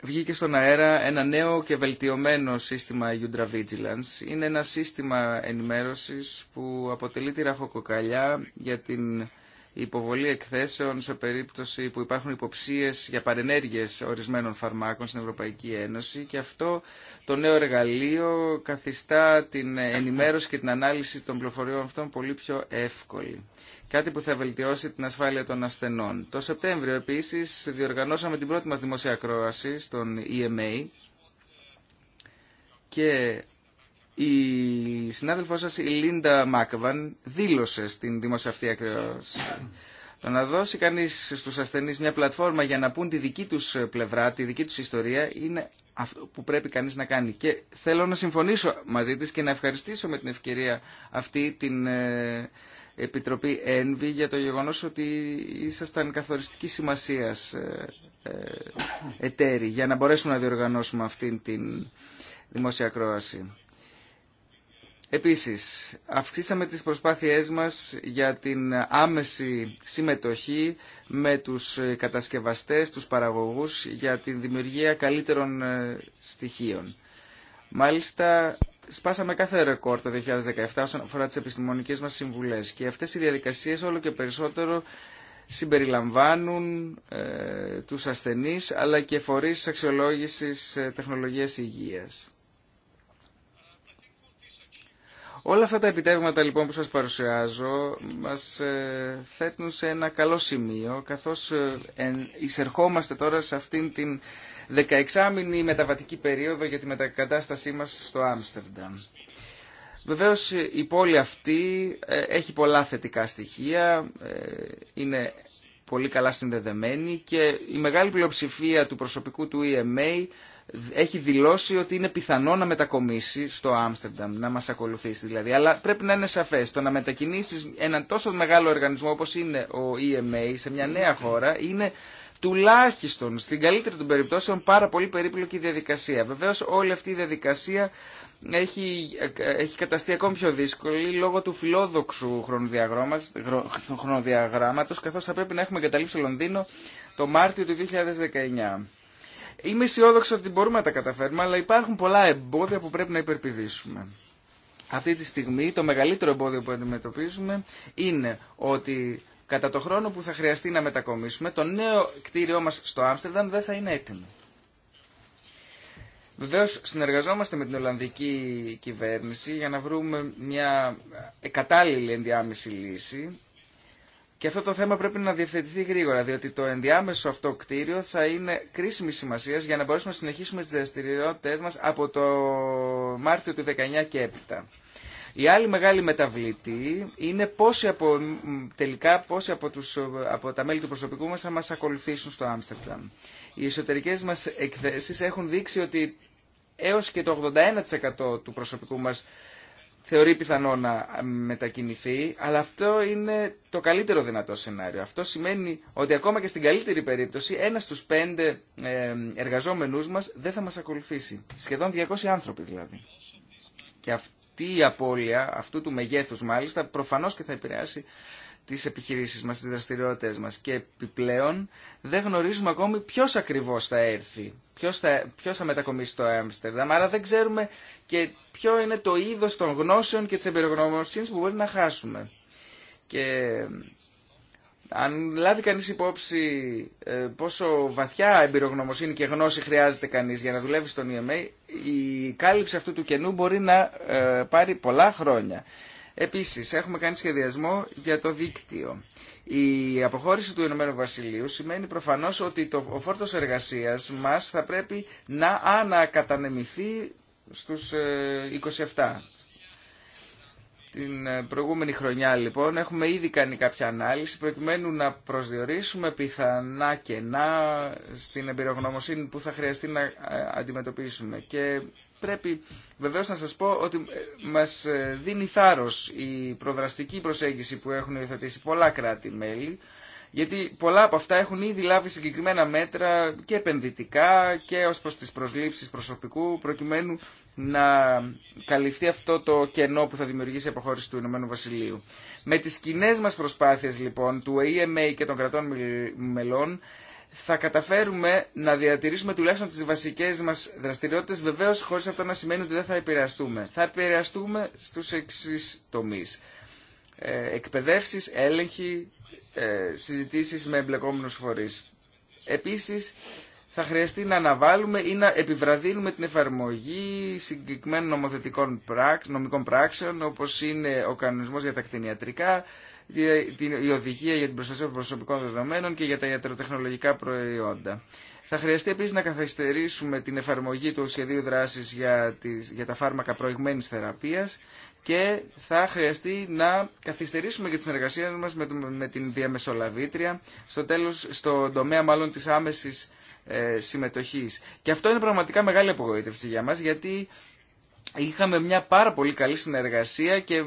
[SPEAKER 3] βγήκε στον αέρα ένα νέο και βελτιωμένο σύστημα Udra Vigilance. Είναι ένα σύστημα ενημέρωσης που αποτελεί τη ραχοκοκαλιά για την υποβολή εκθέσεων σε περίπτωση που υπάρχουν υποψίες για παρενέργειες ορισμένων φαρμάκων στην Ευρωπαϊκή Ένωση και αυτό το νέο εργαλείο καθιστά την ενημέρωση και την ανάλυση των πληροφοριών αυτών πολύ πιο εύκολη. Κάτι που θα βελτιώσει την ασφάλεια των ασθενών. Το Σεπτέμβριο επίσης διοργανώσαμε την πρώτη μας ακρόαση στον EMA και η συνάδελφός σας, η Λίντα Μάκβαν, δήλωσε στην δημοσιαυτή Ακροασία το να δώσει κανείς στους ασθενείς μια πλατφόρμα για να πούν τη δική τους πλευρά, τη δική τους ιστορία, είναι αυτό που πρέπει κανείς να κάνει. Και θέλω να συμφωνήσω μαζί της και να ευχαριστήσω με την ευκαιρία αυτή την ε, Επιτροπή ΕΝΒΗ για το γεγονός ότι ήσασταν καθοριστική σημασίας ε, ε, εταίροι για να μπορέσουμε να διοργανώσουμε αυτή την δημόσια ακρόαση. Επίσης, αυξήσαμε τις προσπάθειές μας για την άμεση συμμετοχή με τους κατασκευαστές, τους παραγωγούς για την δημιουργία καλύτερων ε, στοιχείων. Μάλιστα, σπάσαμε κάθε ρεκόρ το 2017 όσον αφορά τις επιστημονικές μας συμβουλές και αυτές οι διαδικασίες όλο και περισσότερο συμπεριλαμβάνουν ε, τους ασθενείς αλλά και φορείς αξιολόγησης ε, τεχνολογίας υγείας. Όλα αυτά τα επιτεύγματα λοιπόν που σας παρουσιάζω μας ε, θέτουν σε ένα καλό σημείο καθώς ε, εισερχόμαστε τώρα σε αυτήν την 16μηνη μεταβατική περίοδο για τη μετακατάστασή μας στο Άμστερνταμ. Βεβαίως η πόλη αυτή ε, έχει πολλά θετικά στοιχεία, είναι πολύ καλά συνδεδεμένη και η μεγάλη πλειοψηφία του προσωπικού του EMA έχει δηλώσει ότι είναι πιθανό να μετακομίσει στο Άμστερνταμ, να μα ακολουθήσει δηλαδή. Αλλά πρέπει να είναι σαφέ. το να μετακινήσει έναν τόσο μεγάλο οργανισμό όπω είναι ο EMA σε μια νέα χώρα είναι τουλάχιστον στην καλύτερη των περιπτώσεων πάρα πολύ περίπλοκη διαδικασία. Βεβαίω όλη αυτή η διαδικασία έχει, έχει καταστεί ακόμη πιο δύσκολη λόγω του φιλόδοξου χρονοδιαγράμματος καθώς θα πρέπει να έχουμε καταλήψει Λονδίνο το Μάρτιο του 2019. Είμαι αισιόδοξο ότι μπορούμε να τα καταφέρουμε, αλλά υπάρχουν πολλά εμπόδια που πρέπει να υπερπηδήσουμε. Αυτή τη στιγμή το μεγαλύτερο εμπόδιο που αντιμετωπίζουμε είναι ότι κατά το χρόνο που θα χρειαστεί να μετακομίσουμε, το νέο κτίριό μας στο Άμστερνταμ δεν θα είναι έτοιμο. Βεβαίω συνεργαζόμαστε με την Ολλανδική κυβέρνηση για να βρούμε μια ε, κατάλληλη ενδιάμεση λύση και αυτό το θέμα πρέπει να διευθετηθεί γρήγορα, διότι το ενδιάμεσο αυτό κτίριο θα είναι κρίσιμη σημασία για να μπορέσουμε να συνεχίσουμε τι δραστηριότητέ μα από το Μάρτιο του 19 και έπειτα. Η άλλη μεγάλη μεταβλητή είναι πόσοι από, τελικά πόσοι από, τους, από τα μέλη του προσωπικού μας θα μας ακολουθήσουν στο Άμστερνταμ. Οι εσωτερικές μας εκθέσεις έχουν δείξει ότι έως και το 81% του προσωπικού μας θεωρεί πιθανό να μετακινηθεί, αλλά αυτό είναι το καλύτερο δυνατό σενάριο. Αυτό σημαίνει ότι ακόμα και στην καλύτερη περίπτωση ένας στους πέντε ε, εργαζόμενούς μας δεν θα μας ακολουθήσει. Σχεδόν 200 άνθρωποι δηλαδή. Και αυτή η απώλεια αυτού του μεγέθους μάλιστα προφανώς και θα επηρεάσει τις επιχειρήσεις μας, τις δραστηριότητες μας και επιπλέον δεν γνωρίζουμε ακόμη ποιος ακριβώς θα έρθει, ποιος θα, ποιος θα μετακομίσει στο Άμστερνταμ, άρα δεν ξέρουμε και ποιο είναι το είδος των γνώσεων και της εμπειρογνωμοσύνης που μπορεί να χάσουμε. Και αν λάβει κανείς υπόψη ε, πόσο βαθιά εμπειρογνωμοσύνη και γνώση χρειάζεται κανείς για να δουλεύει στον EMA, η κάλυψη αυτού του κενού μπορεί να ε, πάρει πολλά χρόνια. Επίσης, έχουμε κάνει σχεδιασμό για το δίκτυο. Η αποχώρηση του Ηνωμένου Βασιλείου σημαίνει προφανώς ότι το, ο φόρτος εργασίας μας θα πρέπει να ανακατανεμηθεί στους 27. Ε, Την ε, προηγούμενη χρονιά λοιπόν έχουμε ήδη κάνει κάποια ανάλυση προκειμένου να προσδιορίσουμε πιθανά κενά στην εμπειρογνωμοσύνη που θα χρειαστεί να ε, αντιμετωπίσουμε. Και πρέπει βεβαίω να σας πω ότι ε, μας ε, δίνει θάρρος η προδραστική προσέγγιση που έχουν υιοθετήσει πολλά κράτη-μέλη, γιατί πολλά από αυτά έχουν ήδη λάβει συγκεκριμένα μέτρα και επενδυτικά και ως προς τις προσλήψεις προσωπικού, προκειμένου να καλυφθεί αυτό το κενό που θα δημιουργήσει η αποχώρηση του Ηνωμένου Βασιλείου. Με τις κοινέ μας προσπάθειες λοιπόν του EMA και των κρατών μελών, θα καταφέρουμε να διατηρήσουμε τουλάχιστον τις βασικές μας δραστηριότητες, βεβαίως χωρίς αυτό να σημαίνει ότι δεν θα επηρεαστούμε. Θα επηρεαστούμε στους εξή τομεί, Ε, εκπαιδεύσεις, έλεγχοι, ε, συζητήσεις με εμπλεκόμενους φορείς. Επίσης, θα χρειαστεί να αναβάλουμε ή να επιβραδύνουμε την εφαρμογή συγκεκριμένων νομοθετικών νομικών πράξεων, όπως είναι ο κανονισμός για τα κτηνιατρικά, η οδηγία για την προστασία των προσωπικών δεδομένων και για τα ιατροτεχνολογικά προϊόντα. Θα χρειαστεί επίση να καθυστερήσουμε την εφαρμογή του σχεδίου δράση για, για τα φάρμακα προηγμένη θεραπεία και θα χρειαστεί να καθυστερήσουμε και τη συνεργασία μα με, με την διαμεσολαβήτρια στο τέλος, στο τομέα μάλλον της άμεσης ε, συμμετοχής. Και αυτό είναι πραγματικά μεγάλη απογοήτευση για μας γιατί είχαμε μια πάρα πολύ καλή συνεργασία και ε,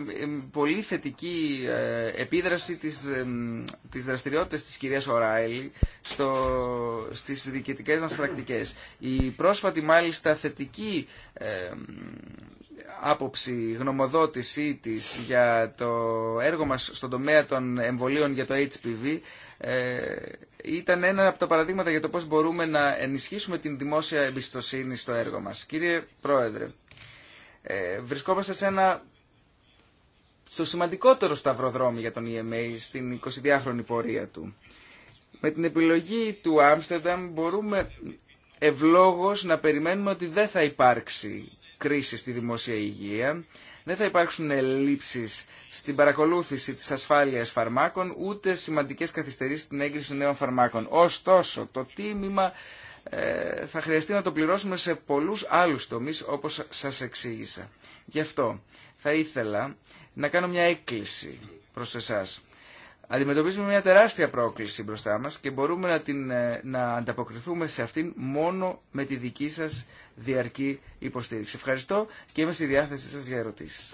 [SPEAKER 3] πολύ θετική ε, επίδραση της, ε, της δραστηριότητας της κυρίας Οράιλη στο, στις διοικητικές μας πρακτικές. Η πρόσφατη μάλιστα θετική άποψη, γνωμοδότησή της για το έργο μας στον τομέα των εμβολίων για το HPV ήταν ένα από τα παραδείγματα για το πώς μπορούμε να ενισχύσουμε την δημόσια εμπιστοσύνη στο έργο μας. Κύριε Πρόεδρε, ε, βρισκόμαστε σε ένα στο σημαντικότερο σταυροδρόμι για τον EMA στην 22χρονη πορεία του. Με την επιλογή του Άμστερνταμ μπορούμε ευλόγως να περιμένουμε ότι δεν θα υπάρξει κρίση στη δημόσια υγεία, δεν θα υπάρξουν ελλείψεις στην παρακολούθηση της ασφάλειας φαρμάκων, ούτε σημαντικές καθυστερήσεις στην έγκριση νέων φαρμάκων. Ωστόσο, το τίμημα ε, θα χρειαστεί να το πληρώσουμε σε πολλούς άλλους τομείς όπως σας εξήγησα. Γι' αυτό θα ήθελα να κάνω μια έκκληση προς εσάς. Αντιμετωπίζουμε μια τεράστια πρόκληση μπροστά μας και μπορούμε να, την, ε, να ανταποκριθούμε σε αυτήν μόνο με τη δική σας διαρκή υποστήριξη. Ευχαριστώ και είμαι στη διάθεσή σας για ερωτήσεις.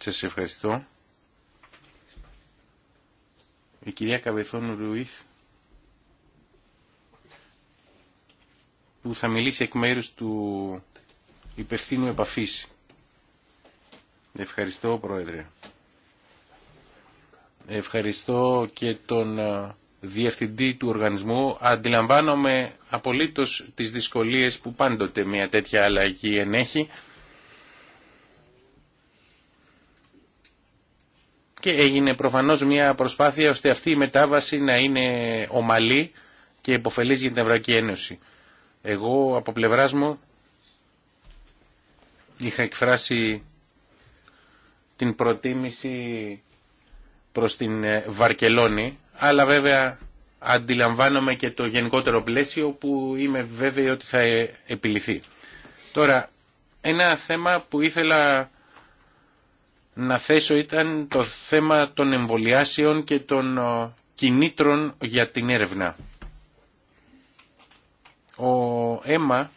[SPEAKER 2] Σας ευχαριστώ. Η κυρία Καβεθόν Ρουίθ που θα μιλήσει εκ μέρους του υπευθύνου επαφής. Ευχαριστώ, Πρόεδρε. Ευχαριστώ και τον ε, διευθυντή του οργανισμού. Αντιλαμβάνομαι απολύτως τις δυσκολίες που πάντοτε μια τέτοια αλλαγή ενέχει. Και έγινε προφανώς μια προσπάθεια ώστε αυτή η μετάβαση να είναι ομαλή και υποφελής για την Ευρωπαϊκή Ένωση. Εγώ από πλευράς μου είχα εκφράσει την προτίμηση προς την ε, Βαρκελόνη, αλλά βέβαια αντιλαμβάνομαι και το γενικότερο πλαίσιο που είμαι βέβαιο ότι θα ε, επιληθεί. Τώρα, ένα θέμα που ήθελα να θέσω ήταν το θέμα των εμβολιάσεων και των ε, κινήτρων για την έρευνα ο ΕΜΑ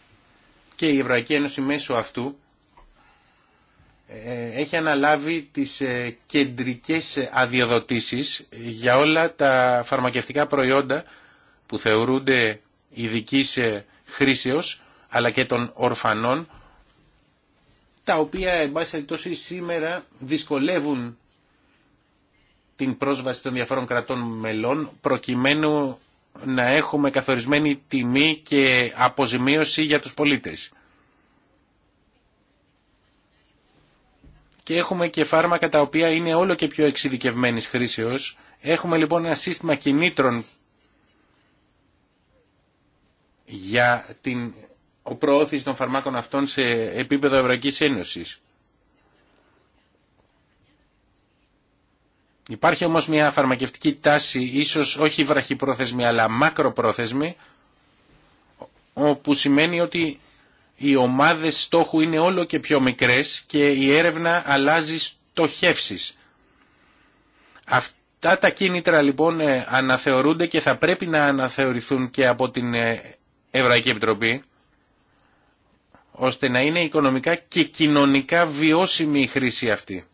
[SPEAKER 2] και η Ευρωπαϊκή Ένωση μέσω αυτού ε, έχει αναλάβει τις ε, κεντρικές αδειοδοτήσεις για όλα τα φαρμακευτικά προϊόντα που θεωρούνται ειδική ε, χρήσεως αλλά και των ορφανών τα οποία εν πάση σήμερα δυσκολεύουν την πρόσβαση των διαφόρων κρατών μελών προκειμένου να έχουμε καθορισμένη τιμή και αποζημίωση για τους πολίτες. Και έχουμε και φάρμακα τα οποία είναι όλο και πιο εξειδικευμένη χρήσεως. Έχουμε λοιπόν ένα σύστημα κινήτρων για την προώθηση των φαρμάκων αυτών σε επίπεδο Ευρωπαϊκής Ένωσης. Υπάρχει όμως μια φαρμακευτική τάση, ίσως όχι βραχυπρόθεσμη αλλά μακροπρόθεσμη, όπου σημαίνει ότι οι ομάδες στόχου είναι όλο και πιο μικρές και η έρευνα αλλάζει στοχεύσεις. Αυτά τα κίνητρα λοιπόν ε, αναθεωρούνται και θα πρέπει να αναθεωρηθούν και από την Ευρωπαϊκή Επιτροπή ώστε να είναι οικονομικά και κοινωνικά βιώσιμη η χρήση αυτή.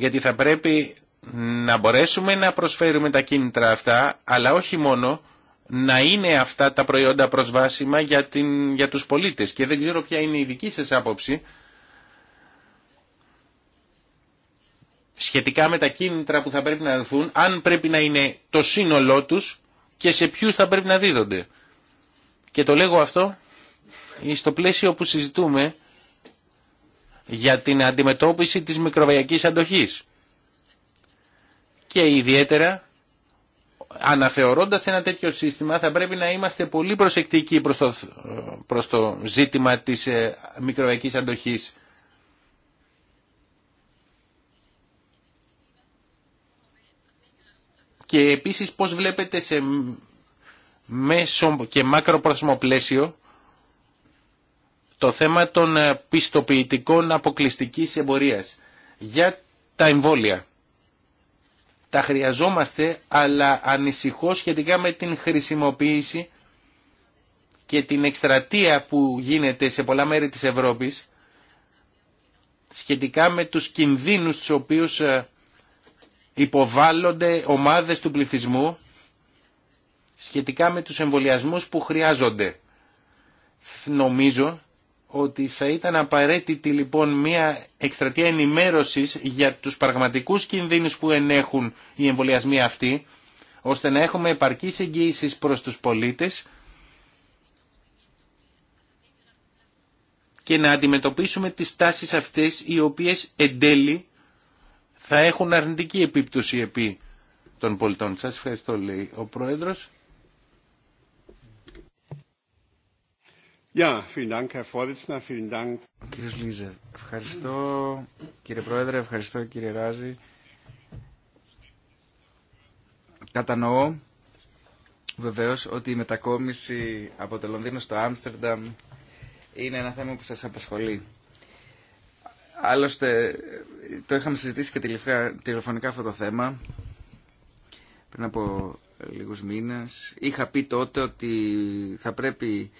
[SPEAKER 2] γιατί θα πρέπει να μπορέσουμε να προσφέρουμε τα κίνητρα αυτά, αλλά όχι μόνο να είναι αυτά τα προϊόντα προσβάσιμα για, την, για τους πολίτες. Και δεν ξέρω ποια είναι η δική σας άποψη σχετικά με τα κίνητρα που θα πρέπει να δοθούν, αν πρέπει να είναι το σύνολό τους και σε ποιους θα πρέπει να δίδονται. Και το λέγω αυτό στο πλαίσιο που συζητούμε για την αντιμετώπιση της μικροβιακής αντοχής και ιδιαίτερα αναθεωρώντας ένα τέτοιο σύστημα θα πρέπει να είμαστε πολύ προσεκτικοί προς το, ζήτημα της ε, μικροβιακής αντοχής. Και επίσης πώς βλέπετε σε μέσο και μακροπρόθεσμο πλαίσιο το θέμα των ε, πιστοποιητικών αποκλειστικής εμπορίας για τα εμβόλια. Τα χρειαζόμαστε, αλλά ανησυχώ σχετικά με την χρησιμοποίηση και την εκστρατεία που γίνεται σε πολλά μέρη της Ευρώπης σχετικά με τους κινδύνους στους οποίους ε, υποβάλλονται ομάδες του πληθυσμού σχετικά με τους εμβολιασμούς που χρειάζονται. Νομίζω ότι θα ήταν απαραίτητη λοιπόν μια εκστρατεία ενημέρωσης για τους πραγματικούς κινδύνους που ενέχουν οι εμβολιασμοί αυτοί, ώστε να έχουμε επαρκής εγγύησης προς τους πολίτες και να αντιμετωπίσουμε τις τάσεις αυτές οι οποίες εν τέλει θα έχουν αρνητική επίπτωση επί των πολιτών. Σας ευχαριστώ λέει ο Πρόεδρος.
[SPEAKER 3] ευχαριστώ κύριε Πρόεδρε, ευχαριστώ κύριε Ράζη. Κατανοώ βεβαίως ότι η μετακόμιση από το Λονδίνο στο Άμστερνταμ είναι ένα θέμα που σας απασχολεί. Άλλωστε, το είχαμε συζητήσει και τηλεφωνικά αυτό το θέμα πριν από λίγους μήνες. Είχα πει τότε ότι θα πρέπει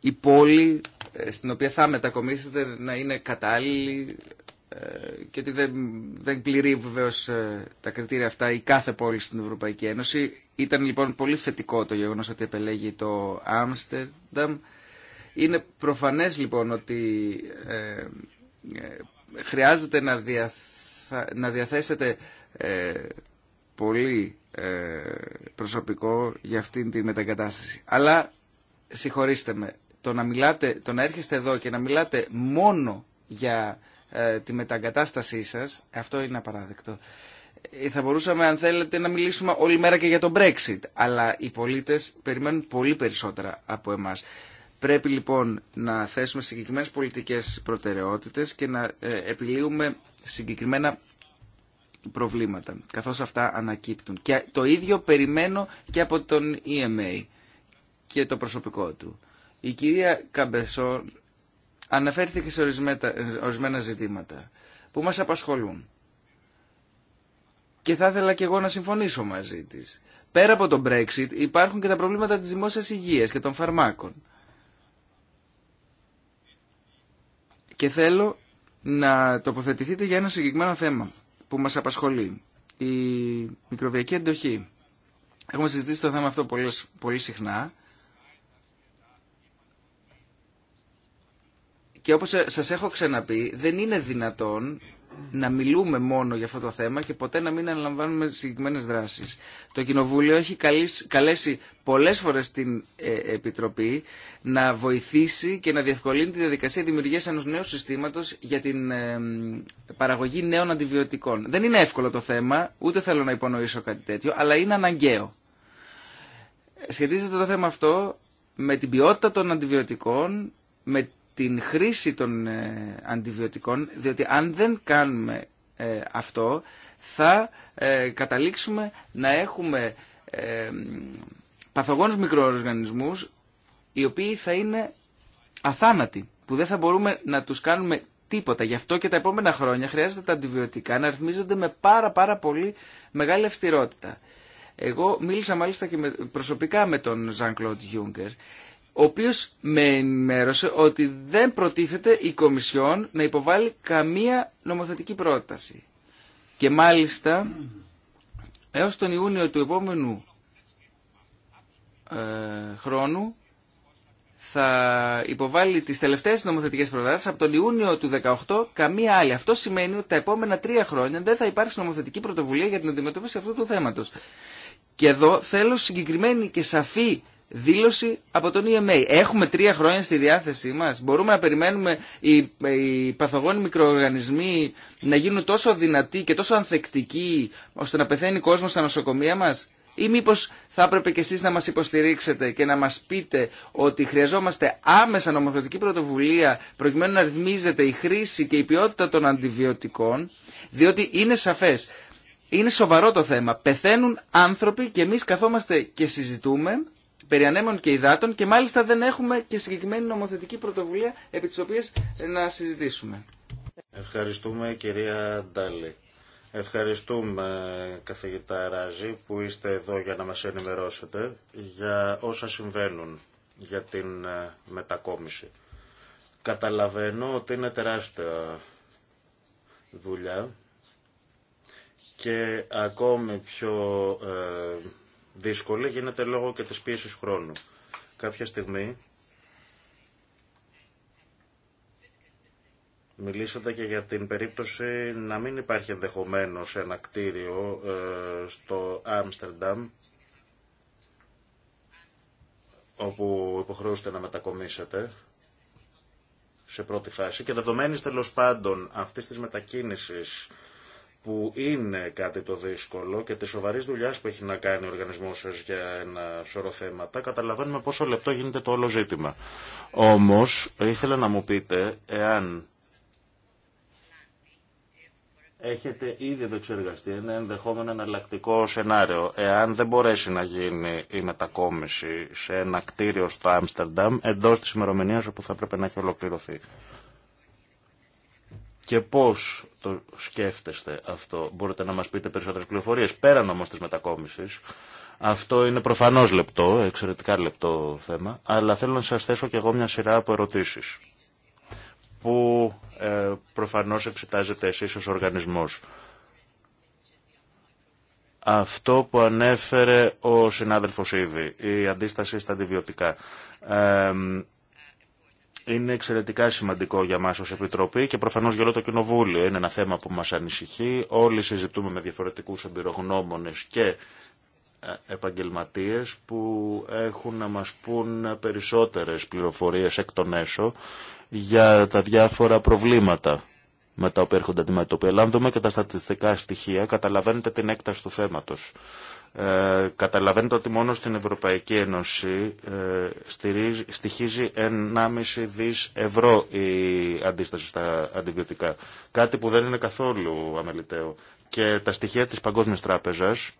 [SPEAKER 3] η πόλη ε, στην οποία θα μετακομίσετε να είναι κατάλληλη ε, και ότι δεν, δεν πληρεί βεβαίω ε, τα κριτήρια αυτά η κάθε πόλη στην Ευρωπαϊκή Ένωση. Ήταν λοιπόν πολύ θετικό το γεγονός ότι επελέγει το Άμστερνταμ. Είναι προφανές λοιπόν ότι χρειάζεται να, να διαθέσετε πολύ προσωπικό για αυτήν την μεταγκατάσταση. Αλλά συγχωρήστε με, το να, μιλάτε, το να έρχεστε εδώ και να μιλάτε μόνο για ε, τη μεταγκατάστασή σας, αυτό είναι απαράδεκτο. Ε, θα μπορούσαμε, αν θέλετε, να μιλήσουμε όλη μέρα και για το Brexit, αλλά οι πολίτες περιμένουν πολύ περισσότερα από εμάς. Πρέπει λοιπόν να θέσουμε συγκεκριμένες πολιτικές προτεραιότητες και να ε, επιλύουμε συγκεκριμένα προβλήματα, καθώς αυτά ανακύπτουν. Και το ίδιο περιμένω και από τον EMA και το προσωπικό του. Η κυρία Καμπεσόν αναφέρθηκε σε ορισμένα ζητήματα που μας απασχολούν. Και θα ήθελα και εγώ να συμφωνήσω μαζί της. Πέρα από το Brexit υπάρχουν και τα προβλήματα της δημόσιας υγείας και των φαρμάκων. Και θέλω να τοποθετηθείτε για ένα συγκεκριμένο θέμα που μας απασχολεί. Η μικροβιακή εντοχή. Έχουμε συζητήσει το θέμα αυτό πολύ συχνά και όπως σας έχω ξαναπεί, δεν είναι δυνατόν να μιλούμε μόνο για αυτό το θέμα και ποτέ να μην αναλαμβάνουμε συγκεκριμένες δράσεις. Το Κοινοβούλιο έχει καλέσει πολλές φορές την ε, Επιτροπή να βοηθήσει και να διευκολύνει τη διαδικασία δημιουργίας ενός νέου συστήματος για την ε, παραγωγή νέων αντιβιωτικών. Δεν είναι εύκολο το θέμα, ούτε θέλω να υπονοήσω κάτι τέτοιο, αλλά είναι αναγκαίο. Σχετίζεται το θέμα αυτό με την ποιότητα των αντιβιωτικών, με την χρήση των ε, αντιβιωτικών, διότι αν δεν κάνουμε ε, αυτό θα ε, καταλήξουμε να έχουμε παθογόνους μικροοργανισμούς οι οποίοι θα είναι αθάνατοι, που δεν θα μπορούμε να τους κάνουμε τίποτα. Γι' αυτό και τα επόμενα χρόνια χρειάζεται τα αντιβιωτικά να ρυθμίζονται με πάρα πάρα πολύ μεγάλη αυστηρότητα. Εγώ μίλησα μάλιστα και προσωπικά με τον Ζαν Κλοντ Γιούγκερ ο οποίος με ενημέρωσε ότι δεν προτίθεται η Κομισιόν να υποβάλει καμία νομοθετική πρόταση. Και μάλιστα έως τον Ιούνιο του επόμενου ε, χρόνου θα υποβάλει τις τελευταίες νομοθετικές προτάσεις από τον Ιούνιο του 2018 καμία άλλη. Αυτό σημαίνει ότι τα επόμενα τρία χρόνια δεν θα υπάρξει νομοθετική πρωτοβουλία για την αντιμετώπιση αυτού του θέματος. Και εδώ θέλω συγκεκριμένη και σαφή δήλωση από τον EMA. Έχουμε τρία χρόνια στη διάθεσή μα. Μπορούμε να περιμένουμε οι, οι παθογόνοι μικροοργανισμοί να γίνουν τόσο δυνατοί και τόσο ανθεκτικοί ώστε να πεθαίνει κόσμο στα νοσοκομεία μα Ή μήπω θα έπρεπε και εσείς να μα υποστηρίξετε και να μα πείτε ότι χρειαζόμαστε άμεσα νομοθετική πρωτοβουλία προκειμένου να ρυθμίζεται η χρήση και η ποιότητα των αντιβιωτικών, διότι είναι σαφέ. Είναι σοβαρό το θέμα. Πεθαίνουν άνθρωποι και εμεί καθόμαστε και συζητούμε περί ανέμων και υδάτων και μάλιστα δεν έχουμε και συγκεκριμένη νομοθετική πρωτοβουλία επί της οποίας ε, να συζητήσουμε. Ευχαριστούμε κυρία Ντάλη. Ευχαριστούμε
[SPEAKER 1] καθηγητά Ράζη που είστε εδώ για να μας ενημερώσετε για όσα συμβαίνουν για την ε, μετακόμιση. Καταλαβαίνω ότι είναι τεράστια δουλειά και ακόμη πιο ε, δύσκολη γίνεται λόγω και της πίεσης χρόνου. Κάποια στιγμή Μιλήσατε και για την περίπτωση να μην υπάρχει ενδεχομένω ένα κτίριο ε, στο Άμστερνταμ όπου υποχρεώσετε να μετακομίσετε σε πρώτη φάση και δεδομένη τέλο πάντων αυτής της μετακίνησης που είναι κάτι το δύσκολο και τη σοβαρή δουλειά που έχει να κάνει ο οργανισμό σα για ένα σωρό θέματα, καταλαβαίνουμε πόσο λεπτό γίνεται το όλο ζήτημα. Όμω, ήθελα να μου πείτε, εάν έχετε ήδη επεξεργαστεί ένα ενδεχόμενο εναλλακτικό σενάριο. Εάν δεν μπορέσει να γίνει η μετακόμιση σε ένα κτίριο στο Άμστερνταμ εντό τη ημερομηνία όπου θα έπρεπε να έχει ολοκληρωθεί και πώς το σκέφτεστε αυτό. Μπορείτε να μας πείτε περισσότερες πληροφορίες, πέραν όμως της μετακόμισης. Αυτό είναι προφανώς λεπτό, εξαιρετικά λεπτό θέμα, αλλά θέλω να σας θέσω κι εγώ μια σειρά από ερωτήσεις που ε, προφανώς εξετάζετε εσείς ως οργανισμός. Αυτό που ανέφερε ο συνάδελφος ήδη, η αντίσταση στα αντιβιωτικά. Ε, είναι εξαιρετικά σημαντικό για μας ως Επιτροπή και προφανώς για όλο το Κοινοβούλιο. Είναι ένα θέμα που μας ανησυχεί. Όλοι συζητούμε με διαφορετικούς εμπειρογνώμονες και ε, επαγγελματίες που έχουν να μας πούν περισσότερες πληροφορίες εκ των έσω για τα διάφορα προβλήματα με τα οποία έρχονται αντιμέτωποι. Αλλά αν δούμε και τα στατιστικά στοιχεία, καταλαβαίνετε την έκταση του θέματος. Ε, καταλαβαίνετε ότι μόνο στην Ευρωπαϊκή Ένωση ε, στηρίζει, στοιχίζει 1,5 δις ευρώ η αντίσταση στα αντιβιωτικά. Κάτι που δεν είναι καθόλου αμεληταίο. Και τα στοιχεία της Παγκόσμιας Τράπεζας,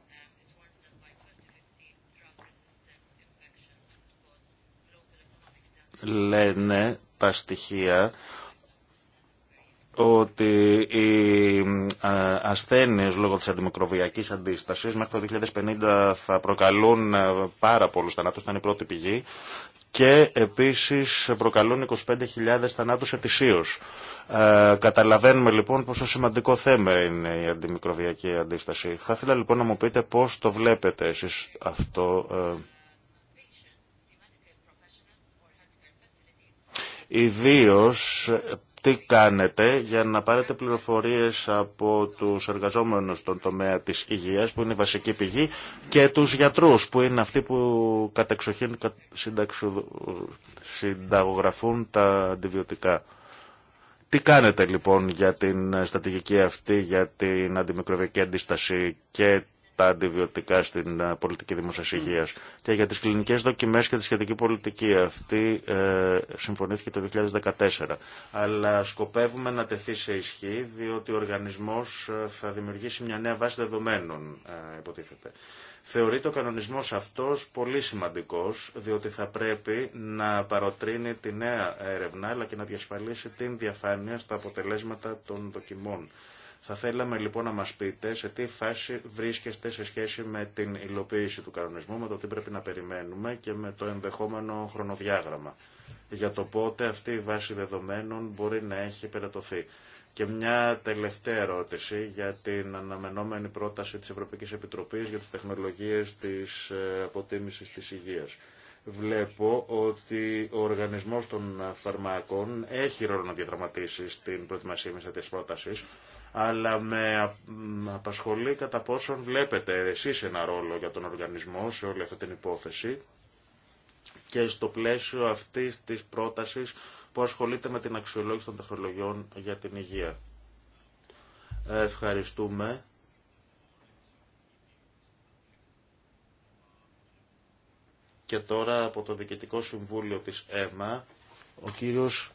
[SPEAKER 1] λένε τα στοιχεία ότι οι ε, ασθένειες λόγω της αντιμικροβιακής αντίστασης μέχρι το 2050 θα προκαλούν ε, πάρα πολλούς θανάτους, ήταν η πρώτη πηγή και επίσης προκαλούν 25.000 θανάτους ετησίως. Ε, καταλαβαίνουμε λοιπόν πόσο σημαντικό θέμα είναι η αντιμικροβιακή αντίσταση. Θα ήθελα λοιπόν να μου πείτε πώς το βλέπετε εσείς αυτό. Ε, ιδίως τι κάνετε για να πάρετε πληροφορίες από τους εργαζόμενους στον τομέα της υγείας που είναι η βασική πηγή και τους γιατρούς που είναι αυτοί που κατεξοχήν συνταγογραφούν τα αντιβιωτικά. Τι κάνετε λοιπόν για την στρατηγική αυτή, για την αντιμικροβιακή αντίσταση και τα αντιβιωτικά στην ε, πολιτική δημόσια και για τις κλινικές δοκιμές και τη σχετική πολιτική. Αυτή ε, συμφωνήθηκε το 2014. Αλλά σκοπεύουμε να τεθεί σε ισχύ διότι ο οργανισμός ε, θα δημιουργήσει μια νέα βάση δεδομένων, ε, υποτίθεται. Θεωρείται ο κανονισμός αυτός πολύ σημαντικός, διότι θα πρέπει να παροτρύνει τη νέα έρευνα, αλλά και να διασφαλίσει την διαφάνεια στα αποτελέσματα των δοκιμών θα θέλαμε λοιπόν να μας πείτε σε τι φάση βρίσκεστε σε σχέση με την υλοποίηση του κανονισμού, με το τι πρέπει να περιμένουμε και με το ενδεχόμενο χρονοδιάγραμμα για το πότε αυτή η βάση δεδομένων μπορεί να έχει περατωθεί. Και μια τελευταία ερώτηση για την αναμενόμενη πρόταση της Ευρωπαϊκής Επιτροπής για τις τεχνολογίες της ε, αποτίμησης της υγείας. Βλέπω ότι ο οργανισμός των φαρμάκων έχει ρόλο να διαδραματίσει στην προετοιμασία μέσα της πρότασης, αλλά με απασχολεί κατά πόσον βλέπετε εσείς ένα ρόλο για τον οργανισμό σε όλη αυτή την υπόθεση και στο πλαίσιο αυτής της πρότασης που ασχολείται με την αξιολόγηση των τεχνολογιών για την υγεία. Ε, ευχαριστούμε. Και τώρα από το Διοικητικό Συμβούλιο της ΕΜΑ, ο κύριος,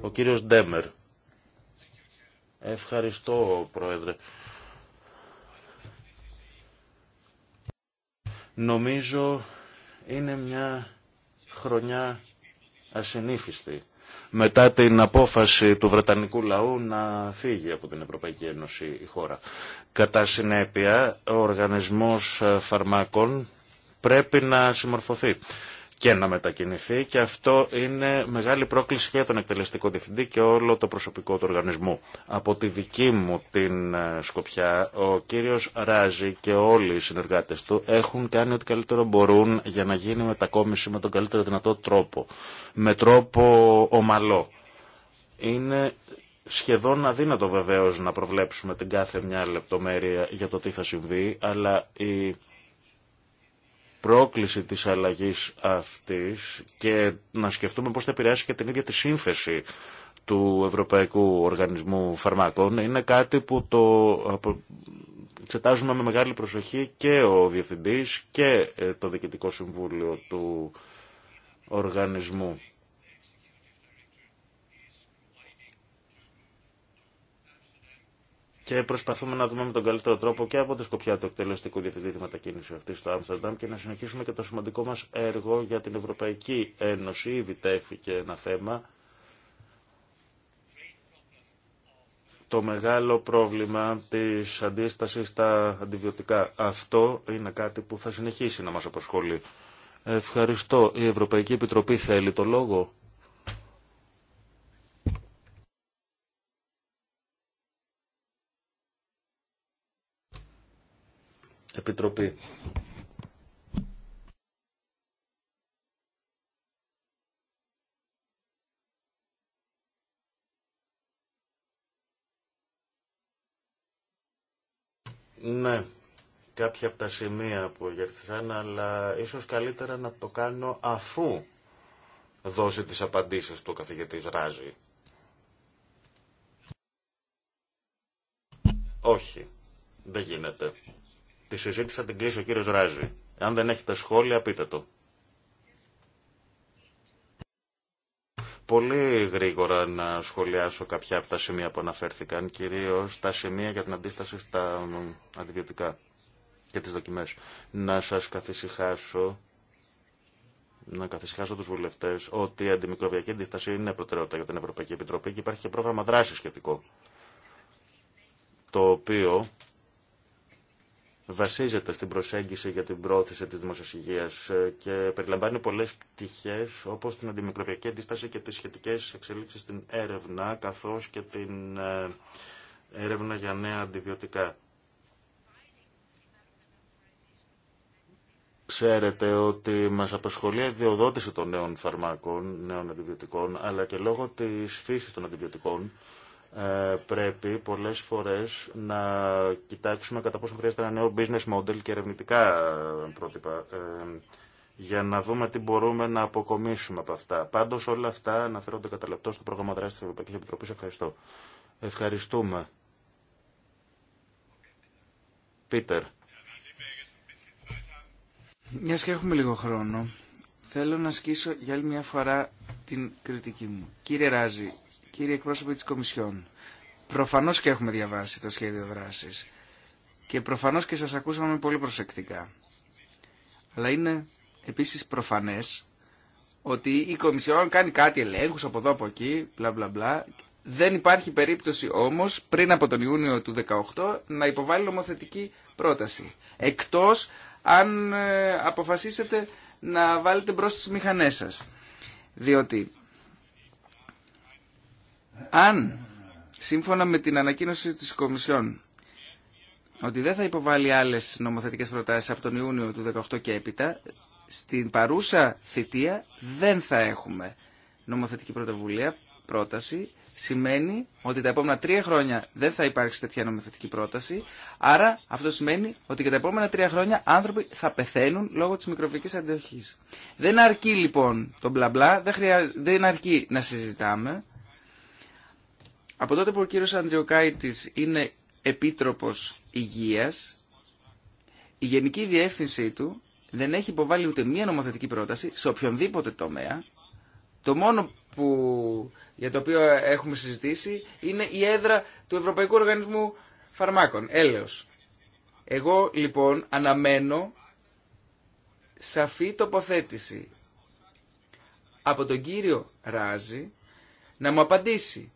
[SPEAKER 1] ο κύριος Ντέμερ. Ευχαριστώ, Πρόεδρε. Νομίζω είναι μια χρονιά ασυνήθιστη μετά την απόφαση του Βρετανικού λαού να φύγει από την Ευρωπαϊκή Ένωση η χώρα. Κατά συνέπεια, ο οργανισμός φαρμάκων πρέπει να συμμορφωθεί και να μετακινηθεί και αυτό είναι μεγάλη πρόκληση για τον εκτελεστικό διευθυντή και όλο το προσωπικό του οργανισμού. Από τη δική μου την ε, σκοπιά, ο κύριος Ράζη και όλοι οι συνεργάτες του έχουν κάνει ό,τι καλύτερο μπορούν για να γίνει μετακόμιση με τον καλύτερο δυνατό τρόπο, με τρόπο ομαλό. Είναι σχεδόν αδύνατο βεβαίως να προβλέψουμε την κάθε μια λεπτομέρεια για το τι θα συμβεί, αλλά η πρόκληση της αλλαγής αυτής και να σκεφτούμε πώς θα επηρεάσει και την ίδια τη σύνθεση του Ευρωπαϊκού Οργανισμού Φαρμάκων είναι κάτι που το εξετάζουμε με μεγάλη προσοχή και ο Διευθυντής και ε, το Διοικητικό Συμβούλιο του Οργανισμού και προσπαθούμε να δούμε με τον καλύτερο τρόπο και από τη σκοπιά του εκτελεστικού διευθυντή τη μετακίνηση αυτή στο Άμστερνταμ και να συνεχίσουμε και το σημαντικό μα έργο για την Ευρωπαϊκή Ένωση. Ήδη τέθηκε ένα θέμα. Το μεγάλο πρόβλημα της αντίστασης στα αντιβιωτικά. Αυτό είναι κάτι που θα συνεχίσει να μα απασχολεί. Ευχαριστώ. Η Ευρωπαϊκή Επιτροπή θέλει το λόγο. Επιτροπή. Ναι, κάποια από τα σημεία που γερθήσαν, αλλά ίσως καλύτερα να το κάνω αφού δώσει τις απαντήσεις του ο καθηγητής Ράζη. Όχι, δεν γίνεται. Τη συζήτηση θα την κλείσει ο κύριο Ράζη. Αν δεν έχετε σχόλια, πείτε το. Πολύ γρήγορα να σχολιάσω κάποια από τα σημεία που αναφέρθηκαν, κυρίως τα σημεία για την αντίσταση στα αντιβιωτικά και τις δοκιμές. Να σας καθησυχάσω να καθησυχάσω του βουλευτέ ότι η αντιμικροβιακή αντίσταση είναι προτεραιότητα για την Ευρωπαϊκή Επιτροπή και υπάρχει και πρόγραμμα δράση σχετικό. Το οποίο βασίζεται στην προσέγγιση για την πρόθεση της δημόσιας υγείας ε, και περιλαμβάνει πολλές πτυχές όπως την αντιμικροβιακή αντίσταση και τις σχετικές εξελίξεις στην έρευνα καθώς και την ε, έρευνα για νέα αντιβιωτικά. Ξέρετε ότι μας απασχολεί η διοδότηση των νέων φαρμάκων, νέων αντιβιωτικών, αλλά και λόγω της φύσης των αντιβιωτικών ε, πρέπει πολλές φορές να κοιτάξουμε κατά πόσο χρειάζεται ένα νέο business model και ερευνητικά ε, πρότυπα ε, για να δούμε τι μπορούμε να αποκομίσουμε από αυτά. Πάντως όλα αυτά αναφέρονται κατά λεπτό στο πρόγραμμα δράσης της Ευρωπαϊκής Επιτροπής. Ευχαριστώ. Ευχαριστούμε.
[SPEAKER 3] Πίτερ. Μιας και έχουμε λίγο χρόνο, θέλω να ασκήσω για άλλη μια φορά την κριτική μου. Κύριε Ράζη, κύριε εκπρόσωπο της Κομισιόν. Προφανώς και έχουμε διαβάσει το σχέδιο δράσης και προφανώς και σας ακούσαμε πολύ προσεκτικά. Αλλά είναι επίσης προφανές ότι η Κομισιόν κάνει κάτι ελέγχους από εδώ από εκεί, μπλα μπλα μπλα. Δεν υπάρχει περίπτωση όμως πριν από τον Ιούνιο του 2018 να υποβάλει νομοθετική πρόταση. Εκτός αν ε, αποφασίσετε να βάλετε μπρος τις μηχανές σας. Διότι αν, σύμφωνα με την ανακοίνωση της Κομισιόν, ότι δεν θα υποβάλει άλλες νομοθετικές προτάσεις από τον Ιούνιο του 2018 και έπειτα, στην παρούσα θητεία δεν θα έχουμε νομοθετική πρωτοβουλία, πρόταση, σημαίνει ότι τα επόμενα τρία χρόνια δεν θα υπάρξει τέτοια νομοθετική πρόταση. Άρα αυτό σημαίνει ότι και τα επόμενα τρία χρόνια άνθρωποι θα πεθαίνουν λόγω της μικροβικής αντιοχής. Δεν αρκεί λοιπόν το μπλα μπλα, δεν, χρεια... δεν αρκεί να συζητάμε. Από τότε που ο κύριος Ανδριοκάητης είναι Επίτροπος Υγείας, η Γενική Διεύθυνσή του δεν έχει υποβάλει ούτε μία νομοθετική πρόταση σε οποιονδήποτε τομέα. Το μόνο που, για το οποίο έχουμε συζητήσει είναι η έδρα του Ευρωπαϊκού Οργανισμού Φαρμάκων, έλεος. Εγώ λοιπόν αναμένω σαφή τοποθέτηση από τον κύριο Ράζη να μου απαντήσει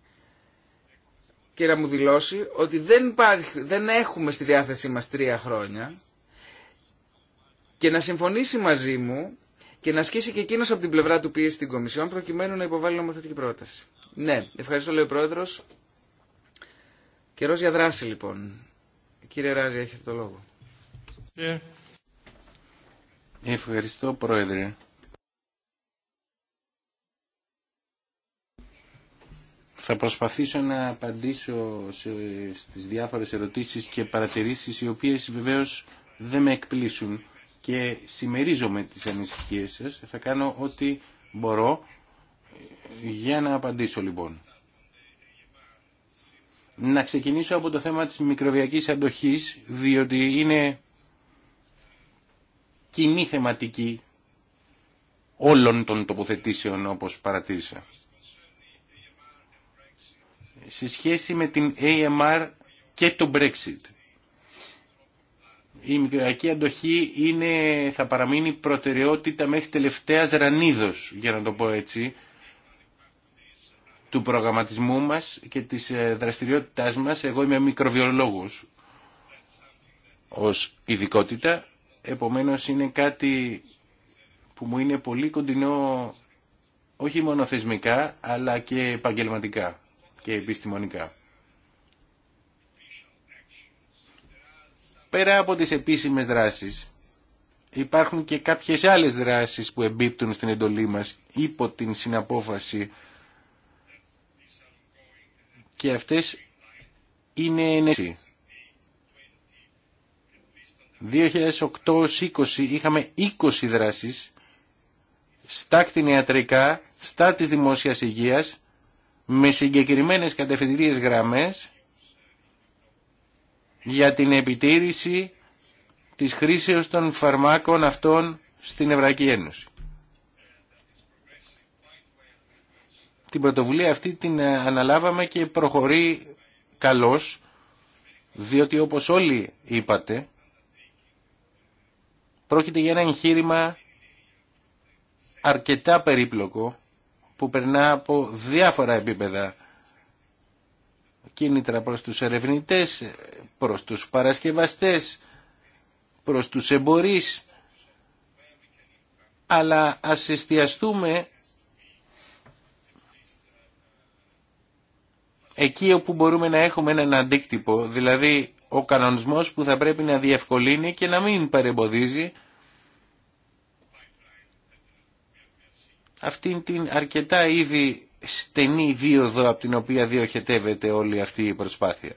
[SPEAKER 3] και να μου δηλώσει ότι δεν, υπάρχει, δεν έχουμε στη διάθεσή μας τρία χρόνια και να συμφωνήσει μαζί μου και να ασκήσει και εκείνο από την πλευρά του πίεση στην Κομισιόν προκειμένου να υποβάλει νομοθετική πρόταση. Ναι, ευχαριστώ λέει ο Πρόεδρο. Καιρό για δράση λοιπόν. Κύριε Ράζη, έχετε το λόγο.
[SPEAKER 2] Yeah. Ε. Ευχαριστώ Πρόεδρε. Θα προσπαθήσω να απαντήσω σε, στις διάφορες ερωτήσεις και παρατηρήσεις οι οποίες βεβαίως δεν με εκπλήσουν και συμμερίζομαι τις ανησυχίες σας. Θα κάνω ό,τι μπορώ για να απαντήσω λοιπόν. Να ξεκινήσω από το θέμα της μικροβιακής αντοχής, διότι είναι κοινή θεματική όλων των τοποθετήσεων όπως παρατήρησα σε σχέση με την AMR και το Brexit. Η μικριακή αντοχή είναι, θα παραμείνει προτεραιότητα μέχρι τελευταίας ρανίδος, για να το πω έτσι, του προγραμματισμού μας και της ε, δραστηριότητάς μας. Εγώ είμαι μικροβιολόγος ως ειδικότητα, επομένως είναι κάτι που μου είναι πολύ κοντινό όχι μόνο θεσμικά αλλά και επαγγελματικά και επιστημονικά. Πέρα από τις επίσημες δράσεις, υπάρχουν και κάποιες άλλες δράσεις που εμπίπτουν στην εντολή μας υπό την συναπόφαση και αυτές είναι ενέσεις. 2008-20 είχαμε 20 δράσεις στα κτηνιατρικά, στα της δημόσιας υγείας με συγκεκριμένες κατευθυντήριες γραμμές για την επιτήρηση της χρήσεως των φαρμάκων αυτών στην Ευρωπαϊκή Ένωση. Την πρωτοβουλία αυτή την ε, αναλάβαμε και προχωρεί καλώς, διότι όπως όλοι είπατε, πρόκειται για ένα εγχείρημα αρκετά περίπλοκο που περνά από διάφορα επίπεδα κίνητρα προς τους ερευνητές, προς τους παρασκευαστές, προς τους εμπορείς, αλλά ας εστιαστούμε εκεί όπου μπορούμε να έχουμε έναν αντίκτυπο, δηλαδή ο κανονισμός που θα πρέπει να διευκολύνει και να μην παρεμποδίζει αυτήν την αρκετά ήδη στενή δίωδο από την οποία διοχετεύεται όλη αυτή η προσπάθεια.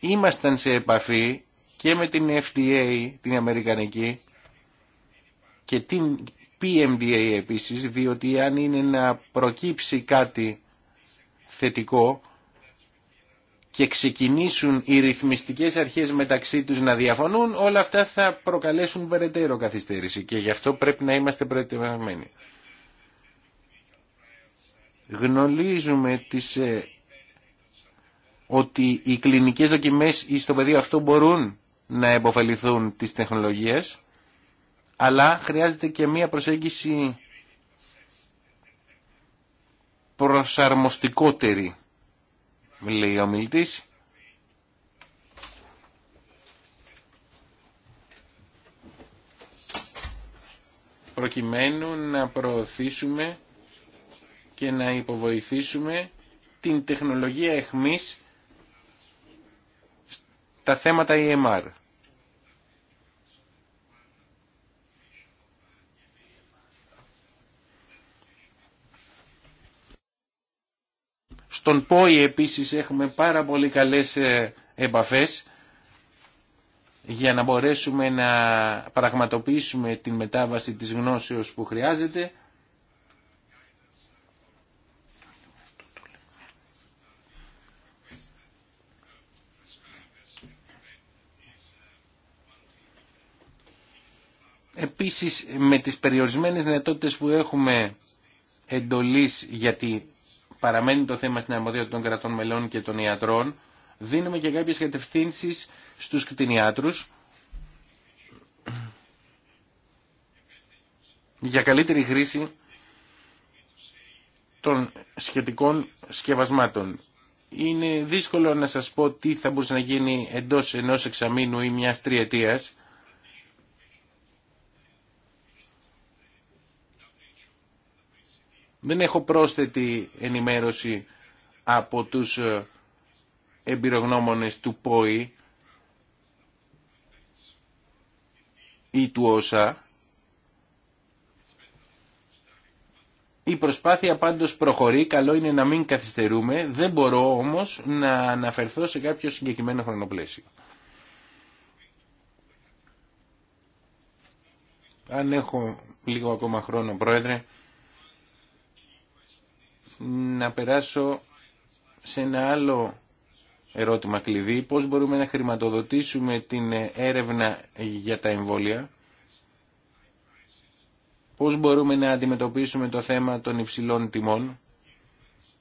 [SPEAKER 2] Ήμασταν σε επαφή και με την FDA, την Αμερικανική, και την PMDA επίσης, διότι αν είναι να προκύψει κάτι θετικό, και ξεκινήσουν οι ρυθμιστικές αρχές μεταξύ τους να διαφωνούν, όλα αυτά θα προκαλέσουν περαιτέρω καθυστέρηση και γι' αυτό πρέπει να είμαστε προετοιμασμένοι. Γνωρίζουμε τις, ε, ότι οι κλινικές δοκιμές στο πεδίο αυτό μπορούν να επωφεληθούν τις τεχνολογίες, αλλά χρειάζεται και μία προσέγγιση προσαρμοστικότερη λέει ο μιλητής. προκειμένου να προωθήσουμε και να υποβοηθήσουμε την τεχνολογία εχμής τα θέματα EMR. Στον ΠΟΗ επίσης έχουμε πάρα πολύ καλές ε, επαφές για να μπορέσουμε να πραγματοποιήσουμε την μετάβαση της γνώσεως που χρειάζεται. Επίσης με τις περιορισμένες δυνατότητες που έχουμε εντολής για τη παραμένει το θέμα στην αρμοδιότητα των κρατών μελών και των ιατρών, δίνουμε και κάποιες κατευθύνσει στους κτηνιάτρους για καλύτερη χρήση των σχετικών σκευασμάτων. Είναι δύσκολο να σας πω τι θα μπορούσε να γίνει εντός ενός εξαμήνου ή μιας τριετίας, Δεν έχω πρόσθετη ενημέρωση από τους ε, εμπειρογνώμονες του ΠΟΗ ή του ΩΣΑ. Η προσπάθεια πάντως προχωρεί, καλό είναι να μην καθυστερούμε, δεν μπορώ όμως να αναφερθώ σε κάποιο συγκεκριμένο χρονοπλαίσιο. Αν έχω λίγο ακόμα χρόνο, Πρόεδρε, να περάσω σε ένα άλλο ερώτημα κλειδί. Πώς μπορούμε να χρηματοδοτήσουμε την έρευνα για τα εμβόλια. Πώς μπορούμε να αντιμετωπίσουμε το θέμα των υψηλών τιμών,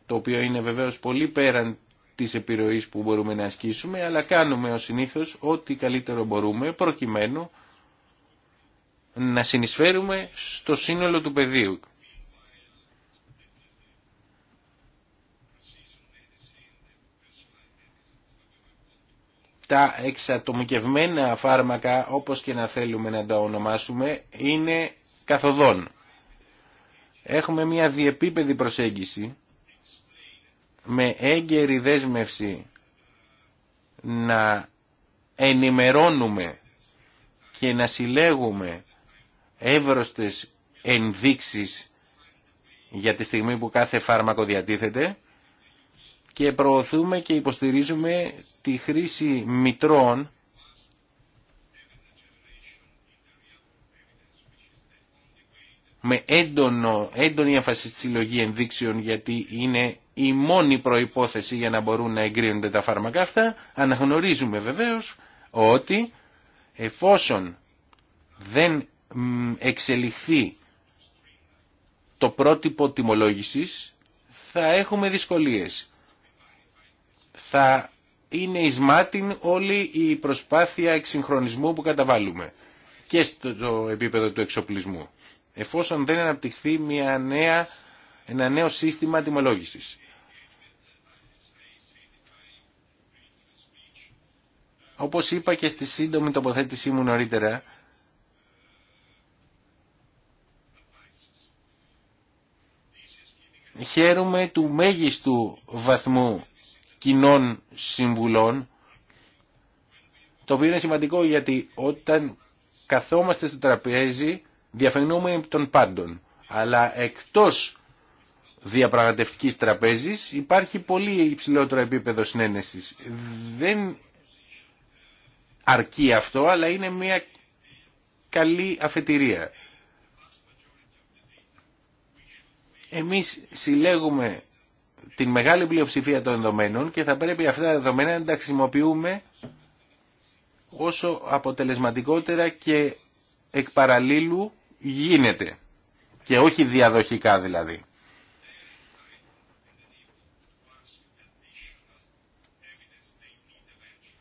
[SPEAKER 2] το οποίο είναι βεβαίως πολύ πέραν της επιρροής που μπορούμε να ασκήσουμε, αλλά κάνουμε ως συνήθως ό,τι καλύτερο μπορούμε, προκειμένου να συνεισφέρουμε στο σύνολο του πεδίου τα εξατομικευμένα φάρμακα, όπως και να θέλουμε να τα ονομάσουμε, είναι καθοδόν. Έχουμε μια διεπίπεδη προσέγγιση με έγκαιρη δέσμευση να ενημερώνουμε και να συλλέγουμε εύρωστες ενδείξεις για τη στιγμή που κάθε φάρμακο διατίθεται και προωθούμε και υποστηρίζουμε τη χρήση μητρών με έντονο, έντονη έμφαση στη συλλογή ενδείξεων γιατί είναι η μόνη προϋπόθεση για να μπορούν να εγκρίνονται τα φάρμακα αυτά, αναγνωρίζουμε βεβαίως ότι εφόσον δεν εξελιχθεί το πρότυπο τιμολόγησης θα έχουμε δυσκολίες. Θα είναι εις όλη η προσπάθεια εξυγχρονισμού που καταβάλουμε και στο επίπεδο του εξοπλισμού εφόσον δεν αναπτυχθεί μια νέα, ένα νέο σύστημα τιμολόγησης. Όπως είπα και στη σύντομη τοποθέτησή μου νωρίτερα, χαίρομαι του μέγιστου βαθμού κοινών συμβουλών, το οποίο είναι σημαντικό γιατί όταν καθόμαστε στο τραπέζι διαφαινούμε των πάντων. Αλλά εκτός διαπραγματευτικής τραπέζης υπάρχει πολύ υψηλότερο επίπεδο συνένεσης. Δεν αρκεί αυτό, αλλά είναι μια καλή αφετηρία. Εμείς συλλέγουμε την μεγάλη πλειοψηφία των δεδομένων και θα πρέπει αυτά τα δεδομένα να τα χρησιμοποιούμε όσο αποτελεσματικότερα και εκ παραλίλου γίνεται και όχι διαδοχικά δηλαδή.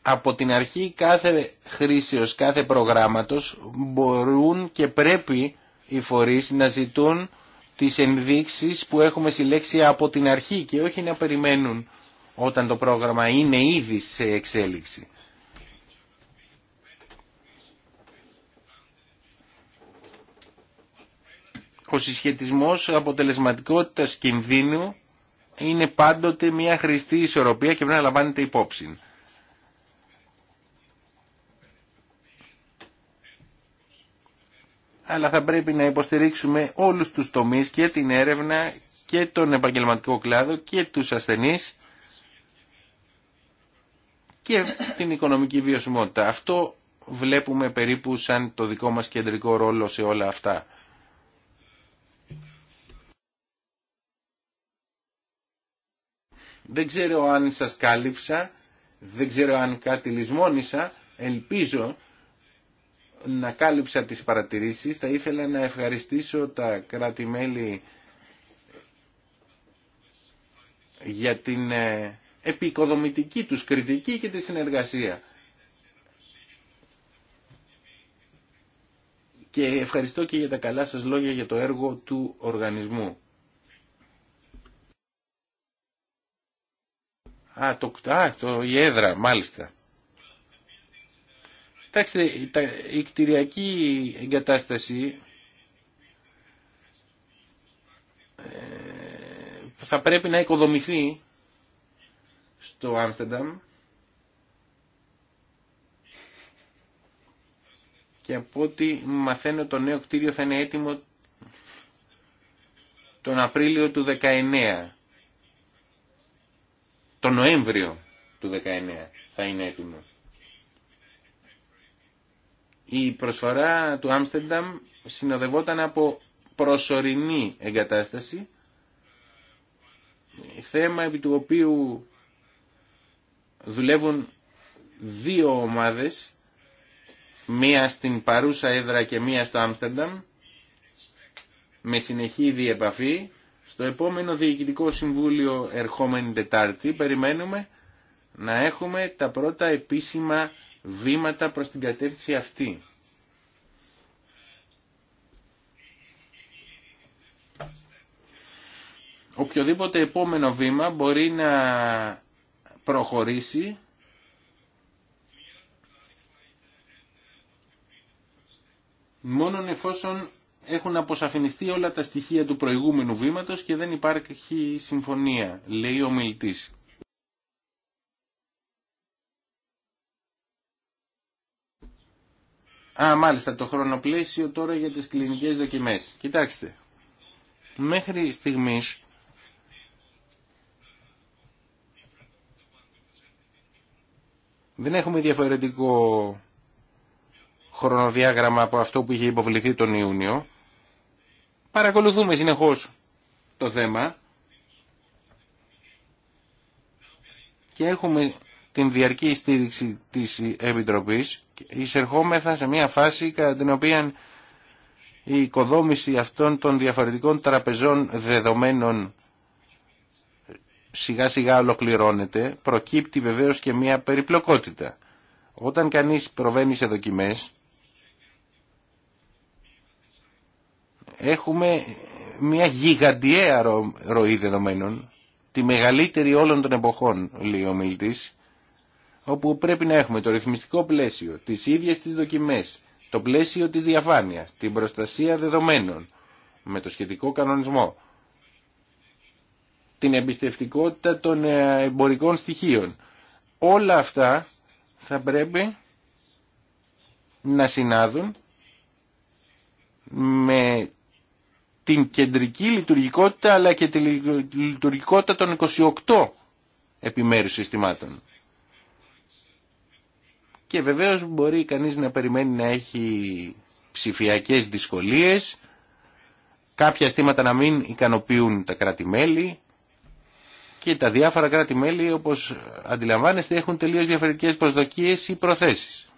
[SPEAKER 2] Από την αρχή κάθε χρήσεως, κάθε προγράμματος μπορούν και πρέπει οι φορείς να ζητούν τις ενδείξεις που έχουμε συλλέξει από την αρχή και όχι να περιμένουν όταν το πρόγραμμα είναι ήδη σε εξέλιξη. Ο συσχετισμός αποτελεσματικότητας κινδύνου είναι πάντοτε μια χρηστή ισορροπία και πρέπει να λαμβάνεται υπόψη. αλλά θα πρέπει να υποστηρίξουμε όλους τους τομείς και την έρευνα και τον επαγγελματικό κλάδο και τους ασθενείς και την οικονομική βιωσιμότητα. Αυτό βλέπουμε περίπου σαν το δικό μας κεντρικό ρόλο σε όλα αυτά. Δεν ξέρω αν σας κάλυψα, δεν ξέρω αν κάτι λησμόνησα, ελπίζω να κάλυψα τις παρατηρήσεις. Θα ήθελα να ευχαριστήσω τα κράτη-μέλη για την ε, επικοδομητική τους κριτική και τη συνεργασία. Και ευχαριστώ και για τα καλά σας λόγια για το έργο του οργανισμού. Α, το, α, το, η έδρα, μάλιστα. Κοιτάξτε, η κτηριακή εγκατάσταση ε, θα πρέπει να οικοδομηθεί στο Άμστερνταμ και από ό,τι μαθαίνω το νέο κτίριο θα είναι έτοιμο τον Απρίλιο του 19 Το Νοέμβριο του 19 θα είναι έτοιμο η προσφορά του Άμστερνταμ συνοδευόταν από προσωρινή εγκατάσταση, θέμα επί του οποίου δουλεύουν δύο ομάδες, μία στην παρούσα έδρα και μία στο Άμστερνταμ, με συνεχή διεπαφή. Στο επόμενο Διοικητικό Συμβούλιο ερχόμενη Τετάρτη περιμένουμε να έχουμε τα πρώτα επίσημα βήματα προς την κατεύθυνση αυτή. Οποιοδήποτε επόμενο βήμα μπορεί να προχωρήσει μόνον εφόσον έχουν αποσαφινιστεί όλα τα στοιχεία του προηγούμενου βήματος και δεν υπάρχει συμφωνία, λέει ο Α, μάλιστα, το χρονοπλαίσιο τώρα για τις κλινικές δοκιμές. Κοιτάξτε, μέχρι στιγμής δεν έχουμε διαφορετικό χρονοδιάγραμμα από αυτό που είχε υποβληθεί τον Ιούνιο. Παρακολουθούμε συνεχώς το θέμα και έχουμε την διαρκή στήριξη της Επιτροπής εισερχόμεθα σε μια φάση κατά την οποία η οικοδόμηση αυτών των διαφορετικών τραπεζών δεδομένων σιγά σιγά ολοκληρώνεται προκύπτει βεβαίως και μια περιπλοκότητα. Όταν κανείς προβαίνει σε δοκιμές έχουμε μια γιγαντιαία ροή δεδομένων τη μεγαλύτερη όλων των εποχών λέει ο μιλτής όπου πρέπει να έχουμε το ρυθμιστικό πλαίσιο, τις ίδιες τις δοκιμές, το πλαίσιο της διαφάνειας, την προστασία δεδομένων με το σχετικό κανονισμό, την εμπιστευτικότητα των ε, εμπορικών στοιχείων. Όλα αυτά θα πρέπει να συνάδουν με την κεντρική λειτουργικότητα αλλά και τη λειτουργικότητα των 28 επιμέρους συστημάτων και βεβαίως μπορεί κανείς να περιμένει να έχει ψηφιακές δυσκολίες, κάποια αισθήματα να μην ικανοποιούν τα κράτη-μέλη και τα διάφορα κράτη-μέλη όπως αντιλαμβάνεστε έχουν τελείως διαφορετικές προσδοκίες ή προθέσεις.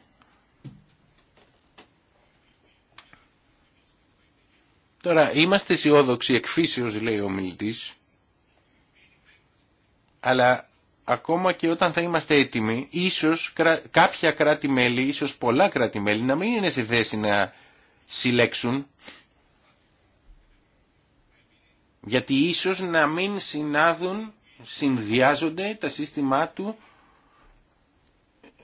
[SPEAKER 2] Τώρα είμαστε αισιόδοξοι εκφύσεως λέει ο μιλητής αλλά ακόμα και όταν θα είμαστε έτοιμοι, ίσως κάποια κράτη-μέλη, ίσως πολλά κράτη-μέλη να μην είναι σε θέση να συλλέξουν, γιατί ίσως να μην συνάδουν, συνδυάζονται τα σύστημά του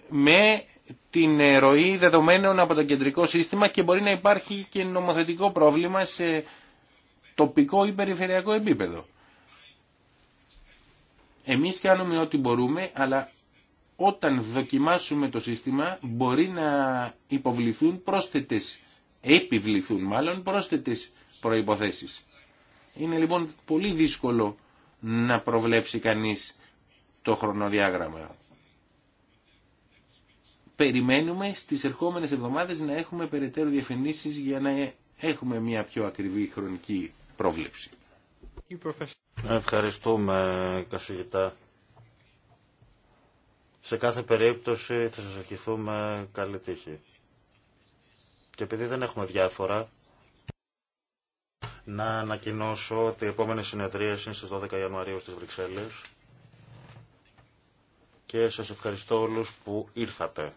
[SPEAKER 2] με την ροή δεδομένων από το κεντρικό σύστημα και μπορεί να υπάρχει και νομοθετικό πρόβλημα σε τοπικό ή περιφερειακό επίπεδο. Εμείς κάνουμε ό,τι μπορούμε, αλλά όταν δοκιμάσουμε το σύστημα μπορεί να υποβληθούν πρόσθετες, επιβληθούν μάλλον πρόσθετες προϋποθέσεις. Είναι λοιπόν πολύ δύσκολο να προβλέψει κανείς το χρονοδιάγραμμα. Περιμένουμε στις ερχόμενες εβδομάδες να έχουμε περαιτέρω διαφημίσεις για να έχουμε μια πιο ακριβή χρονική πρόβλεψη. Ευχαριστούμε, καθηγητά.
[SPEAKER 1] Σε κάθε περίπτωση θα σας ευχηθούμε καλή τύχη. Και επειδή δεν έχουμε διάφορα, να ανακοινώσω ότι η επόμενη συνεδρία είναι στις 12 Ιανουαρίου στις Βρυξέλλες και σας ευχαριστώ όλους που ήρθατε.